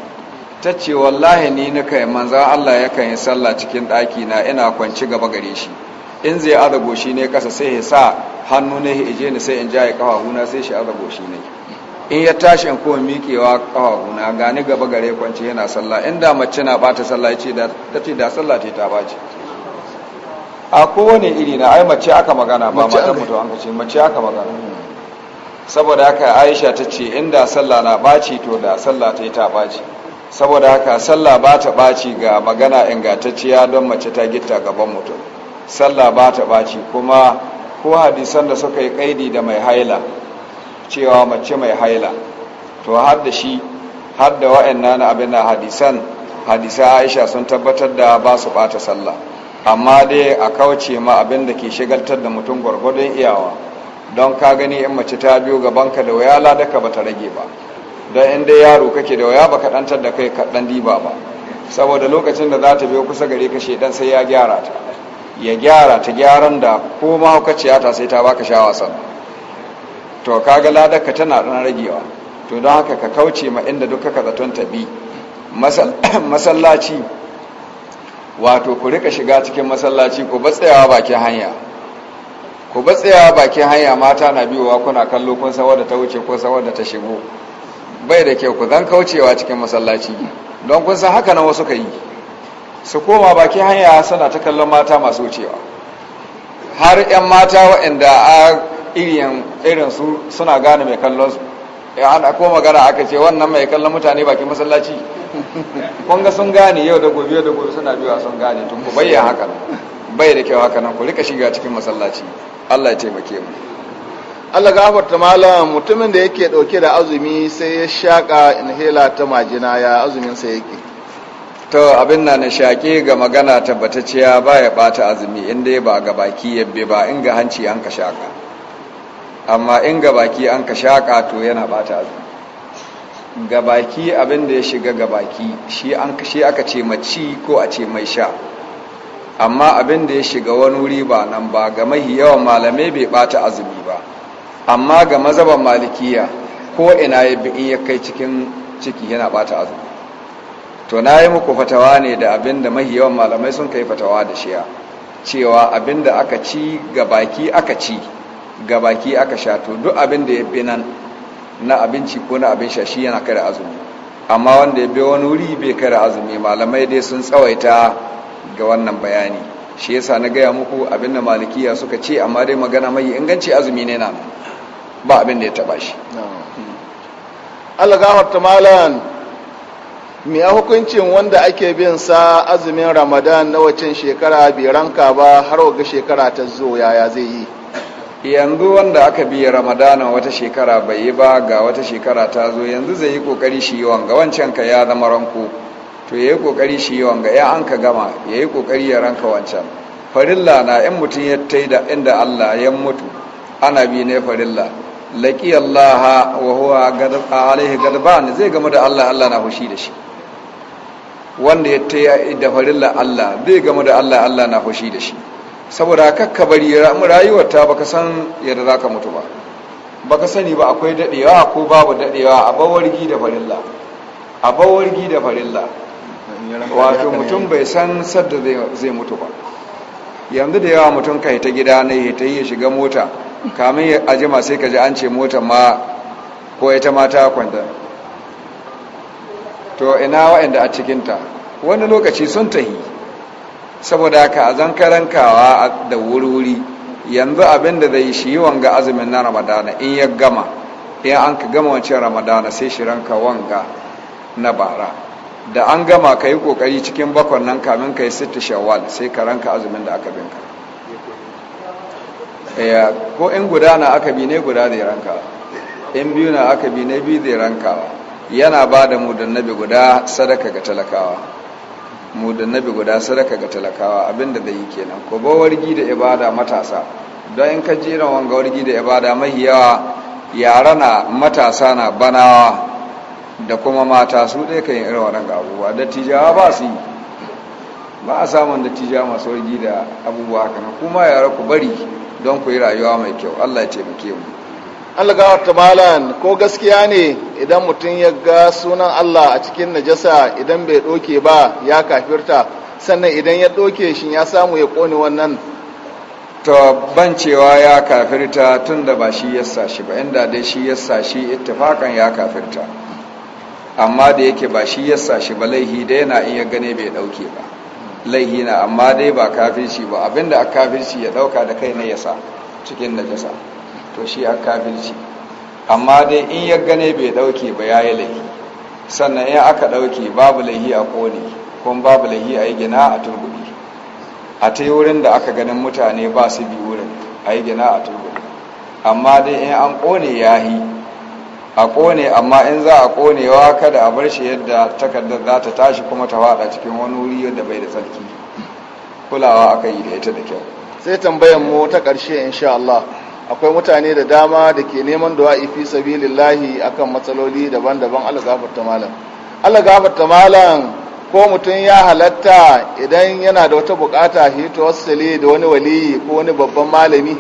ta ce wallahi ni na kai manzan allah ya kan yi sallah cikin ɗaki na ina kwanci gaba gare shi in zai adago shi ne ƙasa sai ya sa hannu ne ya ije ni sai in ja ya ƙafa huna sai shi adago shi ne in ya tashi in kowa miƙewa na gani gaba gare kwanci yana sallah inda mace na ɓata sallah ce ta ce da sallah ce ta ɓace a kowane iri na ai mace aka magana ba matan mutu an kace mace aka magana saboda haka aisha ta ce inda sallah na ɓaci to da sallah ta yi ta ɓaci saboda haka sallah ba ta ɓaci ga magana ingantacciya don mace ta gitta gaban mutum sallah ba ta ɓaci kuma ko hadisan da suka yi kaidi da mai haila cewa mace mai haila to har da shi har da wa'annan abin da hadisan hadisa aisha sun tabbatar da ba su bata sallah amma dai a kauce ma abin da ke shigaltar da mutum gwargwadon iyawa don ka gani in mace ta biyo gabanka da waya ladaka ba ta rage ba don in dai yaro kake da waya ba ka ɗantar da kai kaɗan diba ba saboda lokacin da za ta biyo kusa gare ka dan sai ya gyara ta ya gyara ta gyaran da ko mahaukaciya ta sai ta baka sha wasan to kaga ladarka tana ɗan ragewa to don haka ka kauce ma inda duka ka zaton tabi masallaci wato ku rika shiga cikin masallaci ku batsayawa bakin hanya ku batsayawa bakin hanya mata na biyuwa kuna kallo kun sa wadda ta wuce ko sa wadda ta shigo bai da kyau ku zan kaucewa cikin masallaci don kun san haka nan wasu ka yi su koma bakin hanya suna ta kallon mata masu wucewa har 'yan mata waɗanda a irin su suna gane mai kallon su ana ko magana aka ce wannan mai kallon mutane bakin masallaci kun ga sun gane yau da gobe da gobe suna biwa sun gane tun ku bayyana haka bai da kyau haka nan ku rika shiga cikin masallaci Allah ya taimake mu Allah gafarta malam mutumin da yake dauke da azumi sai ya shaka inhaler ta majina ya azumin sa yake to abin na na shake ga magana tabbatacciya baya bata azumi inda ba ga baki yabbe ba in ga hanci an ka shaka amma in gabaki an ka shaƙa to yana bata azumi gabaki abinda ya shiga gabaki shi an shi aka ce mace ko a ce mai sha amma abinda ya shiga wani wuri ba nan ba ga mahi yawan malamai bai bata azumi ba amma ga mazaban malikiya ko ina ya bi in ya kai cikin ciki yana bata azumi to na yi muku fatawa ne da abinda mahi yawan malamai sun kai fatawa da shiya cewa abin da aka ci gabaki aka ci ga baki aka sha to duk abin da ya fi nan na abinci ko na abin sha shi yana kare azumi amma wanda ya bi wani wuri bai kare azumi malamai dai sun tsawaita ga wannan bayani shi yasa na gaya muku abin da malikiya suka ce amma dai magana mai inganci azumi ne na ba abin da ya taba shi Allah me a hukuncin wanda ake bin sa azumin Ramadan na wacin shekara bai ranka ba har waga shekara ta zo yaya zai yi yanzu wanda aka biya ramadana wata shekara bai yi ba ga wata shekara ta zo yanzu zai yi kokari shi yi wanga wancan ka ya zama ranko to ya yi kokari shi yi wanga ya an ka gama ya yi kokari ya ranka wancan farilla na yan mutum ya ta da inda allah ya mutu ana bi ne farilla laƙi allah wa huwa alaihi ne zai gama da allah allah na hushi da shi wanda ya ta da farilla allah zai gama da allah allah na hushi da shi saboda kakka bari rayuwar ta baka san yadda za ka mutu ba baka sani ba akwai daɗewa ko babu daɗewa a bawargi da farilla a bawargi da farilla wato mutum bai san sadda zai mutu ba yanzu da yawa mutum ka ta gida na yi ya shiga mota kamin ya ma sai ka ji an ce mota ma ko ita mata kwanta to ina wa'anda a cikinta wani lokaci sun tahi saboda ka a karankawa da wuri-wuri yanzu abin da zai shi yi wanga azumin na ramadana in ya gama in an ka gama wancan ramadana sai shi ranka wanga na bara da an gama ka yi kokari cikin bakon nan kamin ka yi sita shawal sai ka ranka azumin da aka binka eh, ko in guda na aka bi ne guda zai ranka in biyu na aka bi ne biyu zai ranka. yana ba da mu da nabi guda sadaka ga talakawa mu da nabi guda sadaka ga talakawa abinda da yi kenan ko ba wargi da ibada matasa don in ka jira wanga wargi da ibada mahi yawa yara na matasa na banawa da kuma mata su ɗaya kan yi irin wannan abubuwa da tijawa ba su yi ba a samun da tijawa masu wargi da abubuwa kana kuma yara ku bari don ku yi rayuwa mai kyau allah ya taimake mu Allah gawarta malan ko gaskiya ne idan mutum ya ga sunan Allah a cikin najasa idan bai doke ba ya kafirta sannan idan ya doke shi ya samu ya ƙone wannan Ta ban ya kafirta tunda ba shi yassa shi ba inda dai shi yassa shi ittifakan ya kafirta amma da yake ba shi yassa shi ba laihi dai na iya gane bai ɗauke ba laihi na amma dai ba kafirci ba abinda a kafirci ya ɗauka da kai na yasa cikin najasa to shi a kabilci amma dai in ya gane bai dauke ba ya yi laifi sannan in aka dauke babu laifi a kone kuma babu laifi a yi gina a turgudi a ta yi wurin da aka ganin mutane ba su bi wurin a yi gina a turgudi amma dai in an kone ya yi a kone amma in za a konewa kada a bar shi yadda takardar za ta tashi kuma ta fada cikin wani wuri yadda bai da tsarki kulawa aka yi da ita da kyau sai tambayan mu ta ƙarshe insha Allah akwai mutane da dama da ke neman du'a'i fi sabilillahi akan matsaloli daban-daban Allah gafarta malam Allah malam ko mutum ya halatta idan yana da wata bukata hito wasali da wani waliyi ko wani babban malami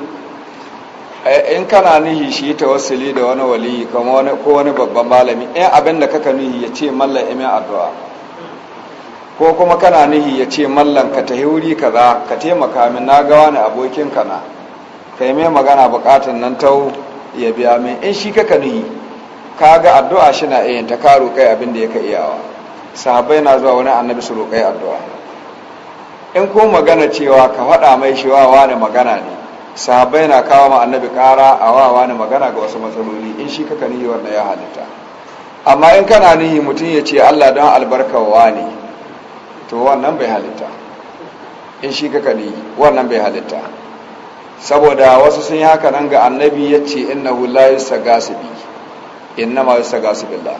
eh, in kana nihi shi ta wasali da wani waliyi ko wani babban malami in abin da kaka nihi ya ce mallan imin addu'a ko kuma kana nihi ya ce mallan ka tahi wuri kaza ka taimaka min na gawa ne abokin kana kai mai magana bukatun nan tau ya biya min in shi kaka nuhi ka ga addu'a shi na iya ta ka roƙai abin da yaka iyawa sahabbai na zuwa wani annabi su roƙai addu'a in ko magana cewa ka faɗa mai shi wa wani magana ne sahabbai na kawo ma annabi ƙara a wa wani magana ga wasu matsaloli in shi kaka nuhi wannan ya halitta amma in kana nihi mutum ya ce allah don wa ne to wannan bai halitta in shi kaka nuhi wannan bai halitta saboda wasu sun yi haka nan ga annabi ya ce inna la sagasibi inna ma yastagasibillah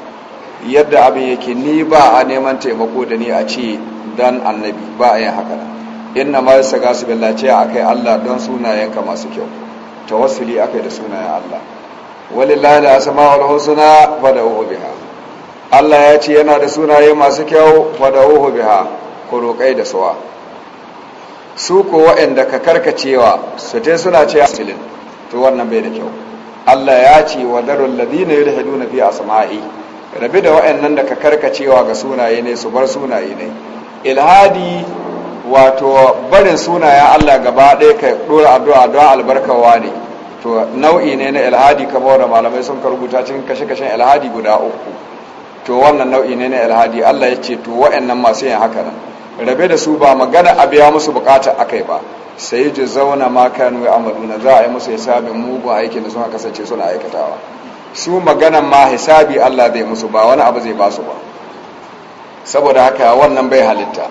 yadda abin yake ni ba a neman taimako da ni a ce dan annabi ba a yin haka nan inna ma yastagasibillah ce a kai Allah don sunayenka masu kyau tawassuli akai da sunayen Allah walillahi al-asma'ul husna fad'uhu biha Allah ya ce yana da sunaye masu kyau fad'uhu biha ku roƙai da suwa su ko waɗanda ka karkacewa su te suna ce asilin to wannan bai da kyau Allah ya ce wa darul ladina yulhiduna fi asma'i rabi da waɗannan da ka karkacewa ga sunaye ne su bar sunaye ne ilhadi wato barin sunaye Allah gaba ɗaya ka dora addu'a don albarkawa ne to nau'i ne na ilhadi kamar da malamai sun ka cikin kashe-kashen ilhadi guda uku to wannan nau'i ne na ilhadi Allah ya ce to waɗannan masu yin haka nan rabe da su ba magana a biya musu bukata akai ba sai ji zauna ma kanu a Maduna za a yi musu hisabin mugun aikin da suna kasance suna aikatawa su maganan ma hisabi Allah zai musu ba wani abu zai ba su ba saboda haka wannan bai halitta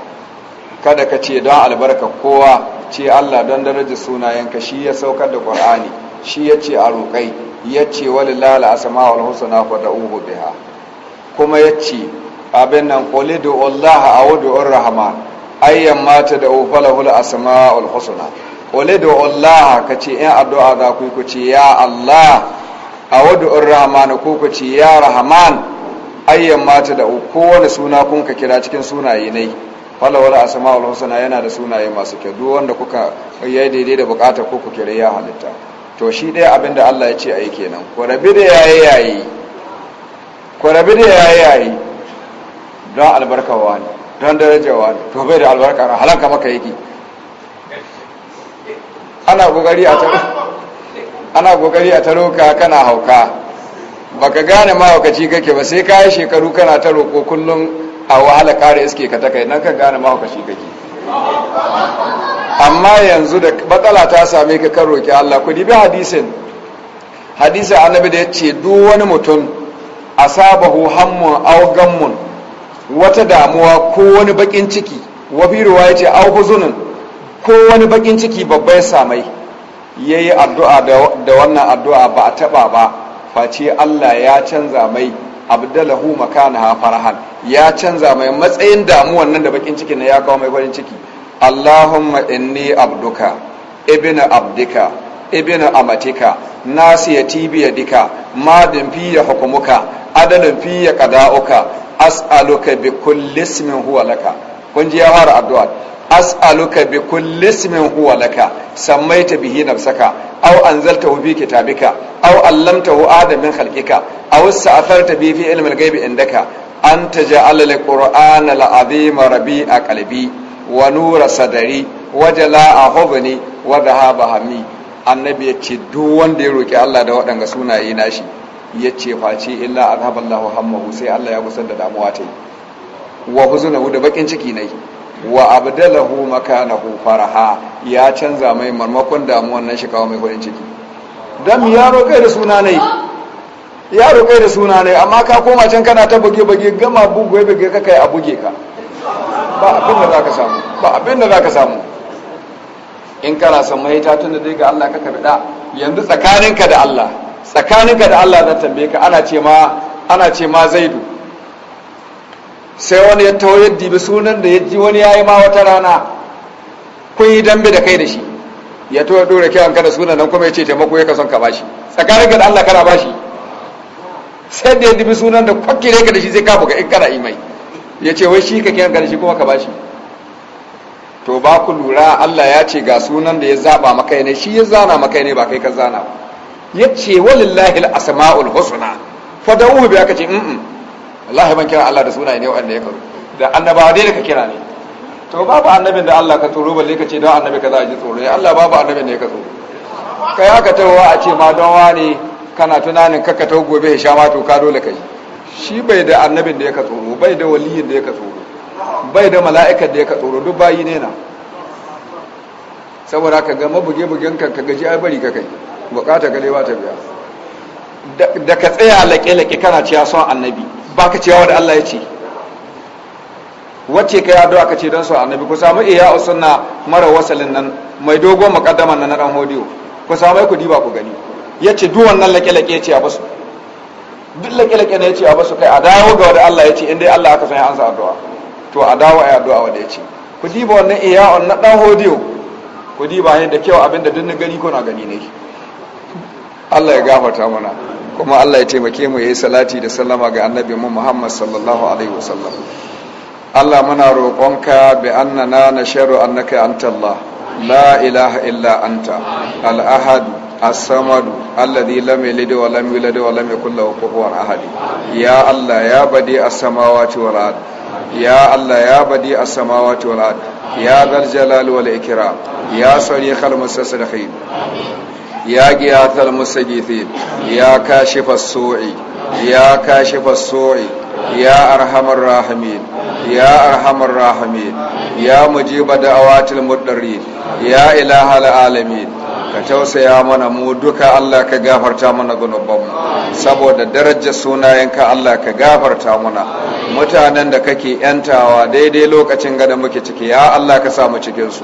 kada ka ce don albarka kowa ce Allah don daraja sunayenka shi ya saukar da Qur'ani shi ya ce a roƙai ya ce lala al-asma'ul husna fad'uhu biha kuma ya ce abin nan qul a Allah aw du rahama ayyan mata da ufalahul asmaul alhussuna qul da Allah ce 'yan addu'a za ku ku ce ya Allah a du Rahman ku ku ce ya rahaman ayyan mata da kowane suna kun ka kira cikin sunaye ne falawar asma'ul alhussuna yana da sunaye masu kyau duk wanda kuka yi daidai da bukata ko ku kira ya halitta to shi ɗaya abin da Allah ya ce a yi kenan ku rabi da yayi yayi ku rabi da yayi yayi don albarkawa ne don darajawa ne to bai da albarka na halanka maka yake ana gogari a taro ana kokari a ka kana hauka baka gane mahaukaci kake ba sai kayi shekaru kana ta roƙo kullum a wahala kare iske ka ta kai nan ka gane mahaukaci kake amma yanzu da matsala ta same ka kan roƙi Allah ku dibi hadisin hadisin annabi da ya ce duk wani mutum asabahu hammun aw gammun wata damuwa ko wani bakin ciki wafi ruwa ya ce au huzunin ko wani bakin ciki babba ya samai addu'a da wannan addu'a ba a taɓa ba face Allah ya canza mai Abdullahu Makana farhan ya canza mai matsayin damuwan nan da bakin ciki na ya kawo mai gwanin ciki Allahumma inni abduka ibina abdika ibina amatika nasiyati biyadika madin fiye hukumuka adalin fiye kada'uka as'aluka bi kulli ismin huwa laka kun ji ya fara addu'a as'aluka bi kulli ismin huwa laka sammaita bihi nafsaka aw anzaltahu fi kitabika aw allamtahu adam min khalqika aw sa'atharta bi fi ilmi al-ghaibi indaka an taj'ala al-qur'ana al-azima rabi'a qalbi wa nura sadari wa jala'a hubni wa dhahaba hammi annabi ya ce duk wanda ya roki Allah da waɗanga sunaye nashi ya ce face illa azhaballahu hammahu sai Allah ya gusar da damuwa ta yi wa huzunahu da bakin ciki yi wa abdalahu makanahu faraha ya canza mai marmakon damuwan nan shi kawo mai farin ciki dan ya roƙe da suna yi ya roƙe da suna yi amma ka koma can kana ta buge buge gama bugoye buge ka kai a buge ka ba abin da ka samu ba abin da ka samu in kana son ta tun da dai ga Allah ka kabida yanzu tsakaninka da Allah tsakaninka da Allah zan tambaye ka ana ce ma ana ce ma zaidu sai wani ya tawo yaddi bi sunan da ya wani yayi ma wata rana kun yi dambe da kai da shi ya to ya dora kiran ka da sunan nan kuma ya ce taimako ya kason ka bashi tsakaninka da Allah kana bashi sai da ya bi sunan da ne ka da shi zai ka buga in kana imai ya ce wai shi ka kiyan ka da shi kuma ka bashi to ba ku lura Allah ya ce ga sunan da ya zaba maka ne shi ya zana maka ne ba kai ka zana ba yace walillahi al-asmaul husna fad'uhu bi aka ce mm allah ban kira Allah da suna ne wanda ya karu da annabawa dai da ka kira ne to babu annabin da Allah ka tsoro balle ka ce don annabi ka za a ji tsoro ya Allah babu annabin da ya ka tsoro kai haka wa a ce ma don wani kana tunanin ka ta gobe ya sha ma to ka dole kai shi bai da annabin da ya ka tsoro bai da waliyin da ya ka tsoro bai da mala'ikar da ya ka tsoro duk bayi ne na saboda ka ga mabuge bugen kan ka gaji ai bari ka kai bukata gare ba ta biya da ka tsaya laƙe-laƙe kana ciya son annabi ba ka cewa wadda Allah ya ce wacce ka yado aka ka ce don son annabi ku samu iya usunna mara wasalin nan mai dogon makaddama na dan hodiyo ku samu ku diba ku gani ya ce duk wannan laƙe-laƙe ya ce a basu duk laƙe-laƙe na ya ce a basu kai a dawo ga wadda Allah ya ce inda Allah aka san ya ansa addu'a to a dawo a yi addu'a wanda ya ce ku diba wannan iya'un na dan hodiyo ku diba ne da kyau abinda duk na gani ko na gani ne Allah ya gafata mana kuma Allah ya taimake mu yayi salati da sallama ga annabi mu Muhammad sallallahu alaihi wasallam Allah muna roƙonka bi annana nasharu annaka anta Allah la ilaha illa anta al ahad as-samad alladhi lam yalid wa lam yulad wa lam yakul lahu kufuwan ahad ya Allah ya badi as-samawati wal ard ya ya Allah badi يا الله يا بديع السماوات والارض يا ذا الجلال والاكرام يا صريخ amin ya giyatar musagithi ya kashi su'i ya kashi su'i ya arhamar rahimin ya arhamar rahimin ya mujiba da'awatil mudarrin ya ilahal alamin ka tausaya mana mu duka Allah ka gafarta mana gunubanmu saboda darajar sunayenka Allah ka gafarta mana mutanen da kake yantawa daidai lokacin gada muke ciki ya Allah ka samu cikinsu.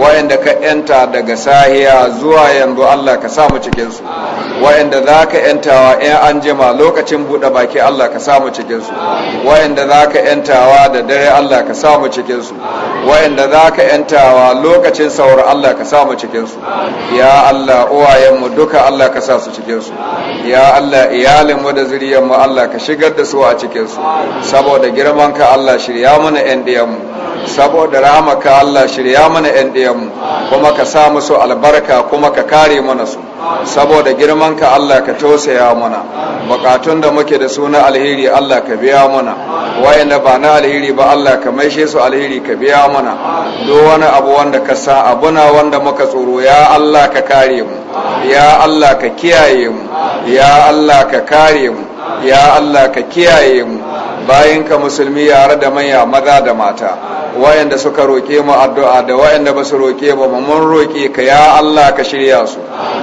wayanda ka yanta daga sahiya zuwa yanzu Allah ka samu cikinsu. su za ka yantawa in an jima lokacin buɗe baki Allah ka samu cikinsu. su za ka yantawa da dare Allah ka samu cikinsu. su za ka yantawa lokacin saur Allah ka samu cikinsu. ya Allah uwayenmu duka Allah ka sa su su ya Allah iyalinmu da zuriyarmu Allah ka shigar da su a cikinsu saboda girman ka Allah shirya mana 'yan ɗiyanmu saboda ka Allah shirya mana 'yan ɗiyanmu kuma ka sa musu albarka kuma ka kare mana su saboda girmanka Allah ka tausaya mana bukatun da muke da suna alheri Allah ka biya mana wayanda ba na alheri ba Allah ka maishe su alheri ka biya mana duk wani abu wanda ka sa abuna wanda muka tsoro ya Allah ka kare mu ya Allah ka kiyaye mu ya Allah ka kare mu ya Allah ka kiyaye mu bayan ka musulmi yare da manya maza da mata wayanda suka roke mu addu'a da wayanda ba su roƙe ba mun roƙe ka ya Allah ka shirya su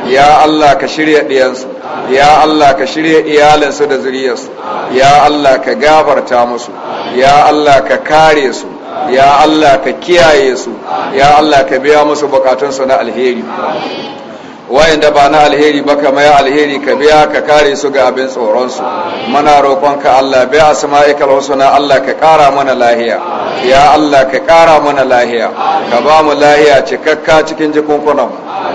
ya Allah ka shirya ɗiyansu ya Allah ka shirya iyalinsu da zuriyarsu ya Allah ka gafarta musu ya Allah ka kare su ya Allah ka kiyaye su ya Allah ka biya musu bukatunsu na alheri wayanda ba na alheri ba ka ya alheri ka biya ka kare su ga abin tsoronsu muna ka Allah biya asma'ikal husna Allah ka ƙara mana lahiya ya Allah ka kara mana lahiya ka ba mu lahiya cikakka cikin mu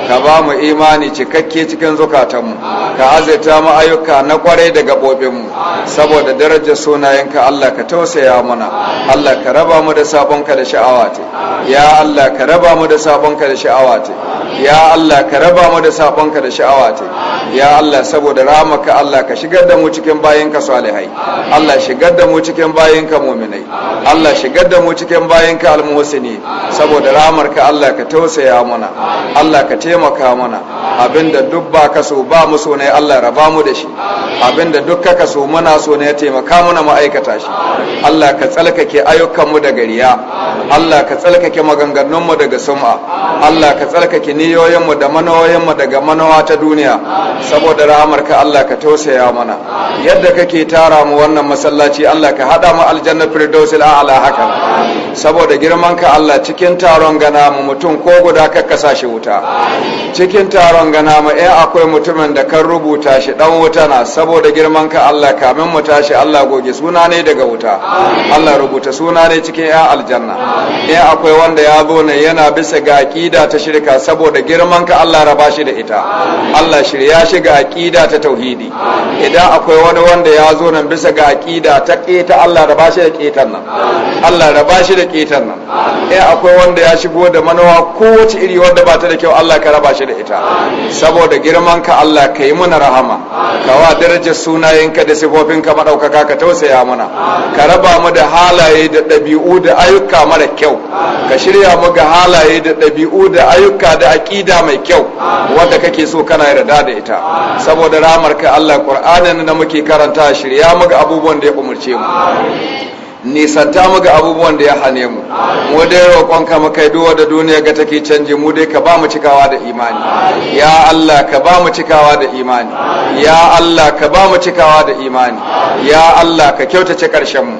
ka ba mu imani cikakke cikin zukatanmu ka azaita mu ayyuka na kwarai da gaɓoɓinmu saboda darajar sunayenka Allah ka tausaya mana Allah ka raba mu da sabonka da sha'awa ce ya Allah ka raba mu da sabonka da sha'awa ce ya Allah ka raba mu da sabonka da sha'awa ce ya Allah saboda ramaka Allah ka shigar da mu cikin bayinka salihai Allah shigar da mu cikin bayinka muminai Allah shigar da mu cikin bayinka almuhsini saboda ramarka Allah ka tausaya mana Allah ka ka taimaka mana abinda duk ba ka so ba mu so ne Allah raba mu da shi abinda duk ka so muna so ne taimaka mana mu ma'aikata shi Allah ka tsalkake ayyukan mu daga riya Allah ka tsalkake maganganun mu daga sum'a Allah ka tsalkake niyoyin mu da manoyin mu daga manowa ta duniya saboda rahamar ka Allah ka tausaya mana yadda kake tara mu wannan masallaci Allah ka hada mu aljanna firdausil a'la haka saboda girman ka Allah cikin taron gana mu mutum ko guda kakka sa shi wuta cikin taron gana mu eh akwai mutumin da kan rubuta shi dan wuta na saboda girman ka Allah kamin mu tashi Allah goge suna ne daga wuta Allah rubuta suna ne cikin ya aljanna eh akwai wanda ya zo ne yana bisa ga aqida ta shirka saboda girman ka Allah raba shi da ita Allah shirya shi ga aqida ta tauhidi idan akwai wani wanda ya zo nan bisa ga aqida ta keta Allah raba shi da ketan nan Allah raba shi da ƙetar nan eh, akwai wanda ya shigo da manowa kowace iri wanda ba ta da kyau Allah ka raba shi da ita saboda girman ka Allah ka yi mana rahama ka wa darajar sunayenka da sifofinka maɗaukaka ka tausaya mana ka raba mu da halaye da ɗabi'u da ayyuka mara kyau ka shirya mu ga halaye da ɗabi'u da ayyuka da aƙida mai kyau wanda kake so kana yarda da ita saboda ramar ka Allah Qur'anin da muke karanta shirya mu ga abubuwan da ya umurce mu nisanta mu ga abubuwan da ya hane mu mu dai roƙon ka kai duwa da duniya ga take canji mu dai ka ba mu cikawa da imani ya Allah ka ba mu cikawa da imani ya Allah ka ba mu cikawa da imani ya Allah ka kyautace karshen mu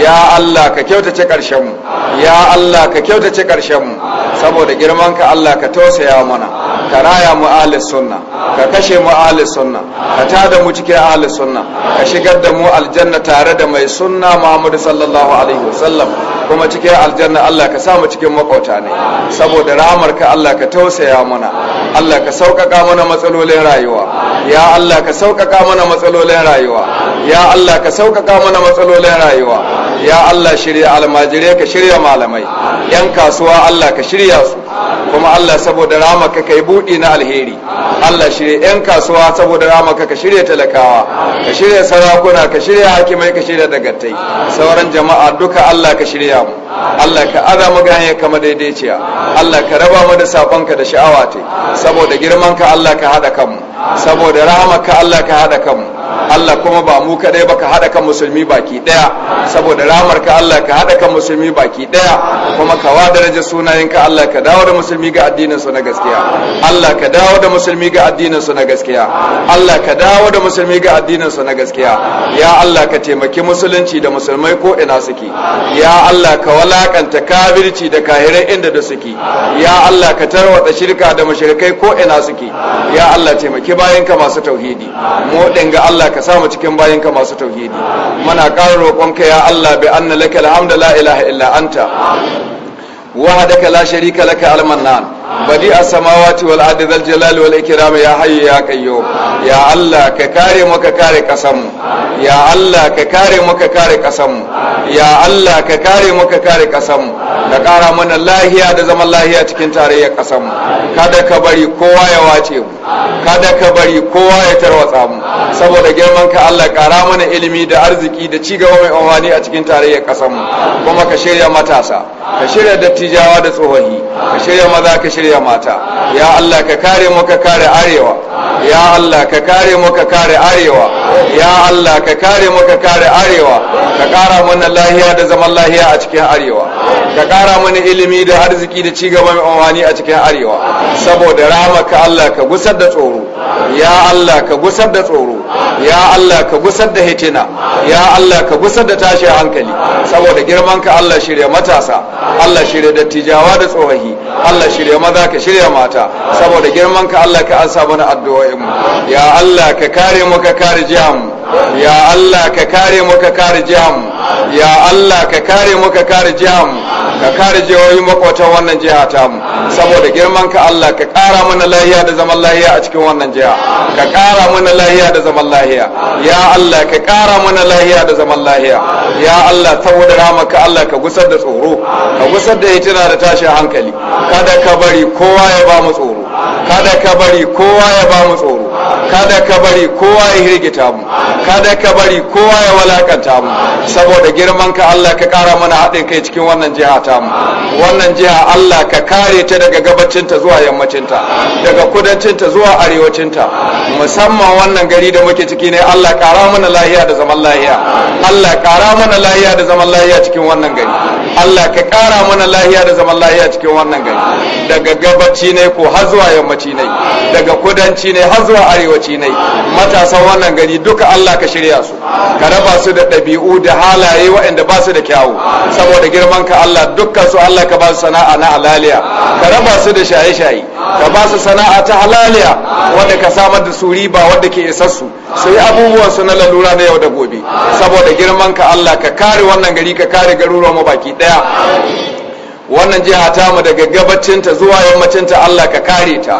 ya Allah ka kyautace karshen mu ya Allah ka kyautace karshen mu saboda girman ka Allah ka tausaya mana ka raya mu ahli sunna ka kashe mu ahli sunna ka tada mu cikin ahli sunna ka shigar da mu aljanna tare da mai sunna Muhammadu sallallahu sallallahu alaihi wasallam kuma cikin aljanna Allah ka sa mu cikin makauta ne saboda rahmar ka Allah ka tausaya mana Allah ka sauƙaƙa mana matsalolin rayuwa ya Allah ka sauƙaƙa mana matsalolin rayuwa ya Allah ka sauƙaƙa mana matsalolin rayuwa ya Allah shirya almajirai ka shirya malamai yan kasuwa Allah ka shirya su kuma Allah saboda rama ka kai budi na alheri Allah shirya yan kasuwa saboda rama ka ka shirya talakawa ka shirya sarakuna ka shirya hakimai ka shirya dagattai sauran jama'a duka Allah ka shirya mu Allah ka ara mu ganye kamar daidaiciya Allah ka raba mu da ka da sha'awa te saboda girman ka Allah ka hada kanmu saboda ka, Allah ka hada kanmu Allah kuma ba mu kaɗai ba ka haɗa kan musulmi baki ɗaya saboda ramar ka Allah ka haɗa kan musulmi baki ɗaya kuma ka wada daraja sunayen ka Allah ka dawo da musulmi ga addinin su na gaskiya Allah ka dawo da musulmi ga addinin su na gaskiya Allah ka dawo da musulmi ga addinin su na gaskiya ya Allah ka taimaki musulunci da musulmai ko ina suke ya Allah ka walakanta kafirci da kahirai inda da suke ya Allah ka tarwata shirka da mushrikai ko ina suke ya Allah taimaki bayanka masu tauhidi mu dinga Allah ka samu cikin bayinka masu tauhidi muna ƙara roƙonka ya Allah bi anna laka alhamdu la ilaha illa anta wahdaka la sharika laka al-mannan badi a samawati wal ardi zal jalali wal ikram ya hayyu ya qayyum ya Allah ka kare mu ka kare kasan ya Allah ka kare mu ka kare kasan ya Allah ka kare mu ka kare kasan ka kara mana lahiya da zaman lahiya cikin tarayyar kasan kada ka bari kowa ya wace mu kada ka bari kowa ya tarwatsa mu saboda girman ka Allah kara mana ilimi da arziki da gaba mai amfani a cikin tarayyar kasan kuma ka shirya matasa ka shirya dattijawa da tsohohi ka shirya maza ka shirya mata ya Allah ka kare mu ka kare arewa ya Allah ka kare mu ka kare arewa ya Allah ka kare mu ka kare arewa ka kara mana lahiya da zaman lahiya a cikin arewa ka ƙara mana ilimi da arziki da ci gaba mai amfani a cikin arewa saboda ka Allah ka gusar da tsoro ya Allah ka gusar da tsoro ya Allah ka gusar da hitina ya Allah ka gusar da tashi hankali saboda girman ka Allah shirya matasa Allah shirya dattijawa da tsohahi Allah shirya maza ka shirya mata saboda girman ka Allah ka ansa mana addu'o'in mu ya Allah ka kare mu ka kare jihamu ya Allah ka kare mu ka kare jihamu ya Allah ka kare mu ka kare jihamu ka kare jihohin makwatan wannan jiha mu. saboda girman ka Allah ka kara mana lahiya da zaman lahiya a cikin wannan jiha ka kara mana lahiya da zaman lahiya ya Allah ka kara mana lahiya da zaman lahiya ya Allah saboda ramaka Allah ka gusar da tsoro ka gusar da tana da tashin hankali kada ka bari kowa ya ba mu tsoro kada ka bari kowa ya ba mu tsoro kada ka bari kowa ya hirgita mu kada ka bari kowa ya walakanta mu saboda girman ka Allah ka kara mana haɗin kai cikin wannan jiha ta mu wannan jiha Allah ka kare ta daga gabacin ta zuwa yammacin ta daga kudancin ta zuwa arewacin ta musamman wannan gari da muke ciki ne Allah kara mana lahiya da zaman lahiya Allah kara mana lahiya da zaman lahiya cikin wannan gari Allah ka kara mana lahiya da zaman lahiya cikin wannan gari daga gabaci ne ko har zuwa yammaci ne daga kudanci ne har zuwa arewaci ne matasan wannan gari duka Allah ka shirya su ka raba su da ɗabi'u da halaye waɗanda ba su da kyawu saboda girman ka Allah dukkan su Allah ka ba su sana'a na alaliya, ka raba su da shaye-shaye ka ba su sana'a ta halaliya wanda ka samar da su riba wanda ke isar su su yi abubuwan su na lalura na yau da gobe saboda girman ka Allah ka kare wannan gari ka kare garuruwan mu baki ɗaya wannan jiha ta mu daga gabacinta zuwa yammacinta Allah ka kare ta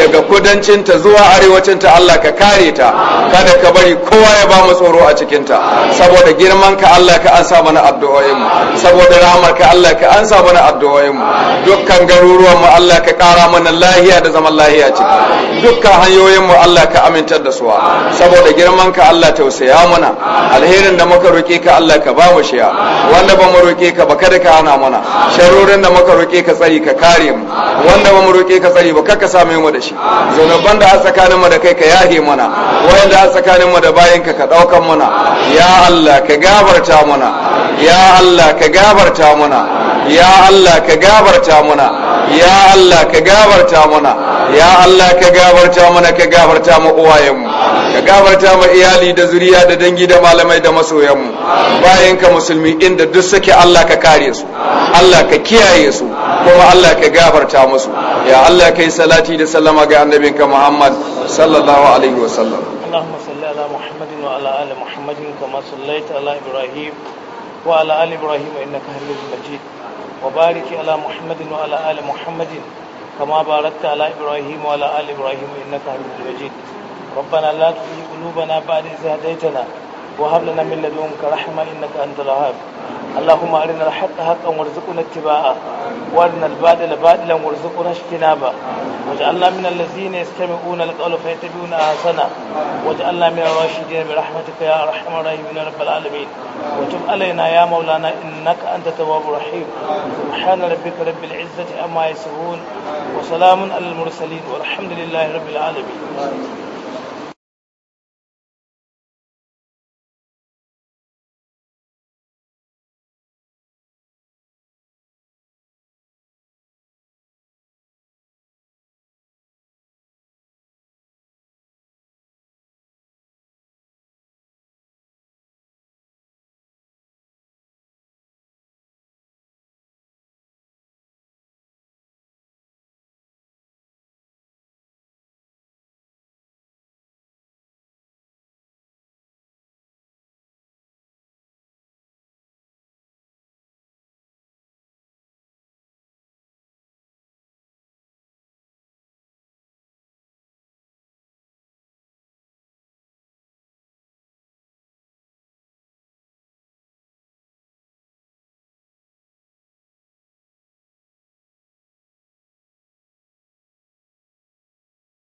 daga kudancinta zuwa arewacinta Allah ka kare ta kada ka bari kowa ya ba mu tsoro a cikinta saboda girman ka Allah ka ansa mana addu'o'in mu saboda rahmar ka Allah ka ansa mana addu'o'in mu dukkan garuruwan mu Allah ka kara mana lahiya da zaman lahiya ciki dukkan hanyoyin mu Allah ka amintar da su saboda girman ka Allah tausaya mana alherin da muka roke ka Allah ka ba mu shiya wanda ba mu roke ka ba kada ka hana mana sharurin wurin da muka roƙe ka tsari ka kare mu wanda ba mu roƙe ka tsari ba ka same mu da shi zunuban da a tsakanin mu da kai ka yahe mana wanda a tsakanin mu da bayan ka ka ɗaukan mana ya Allah ka gabarta mana ya Allah ka gabarta mana ya Allah ka gabarta mana ya Allah ka gabarta mana ya Allah ka gabarta mana ka gabarta mu uwayenmu ka gafarta ma iyali da zuriya da dangi da malamai da masoyanmu bayan ka musulmi inda duk suke Allah ka kare su Allah ka kiyaye su kuma Allah ka gafarta musu ya Allah kai salati da sallama ga annabinka Muhammad sallallahu alaihi wa sallam Allahumma salli ala Muhammadin wa ala ali Muhammadin kama sallaita ala Ibrahim wa ala ali Ibrahim innaka Hamidul Majid wa barik ala Muhammadin wa ala ali Muhammadin barakta ala Ibrahim wa ala ali Ibrahim innaka Hamidul Majid ربنا لا تزغ قلوبنا بعد إذ هديتنا وهب لنا من لدنك رحمة إنك أنت الوهاب اللهم أرنا الحق حقا وارزقنا اتباعه وأرنا الباطل باطلا وارزقنا اجتنابه واجعلنا من الذين يستمعون القول فيتبعون أحسنه واجعلنا من الراشدين برحمتك يا أرحم الراحمين رب العالمين وتب علينا يا مولانا إنك أنت التواب الرحيم سبحان ربك رب العزة أما يصفون وسلام على المرسلين والحمد لله رب العالمين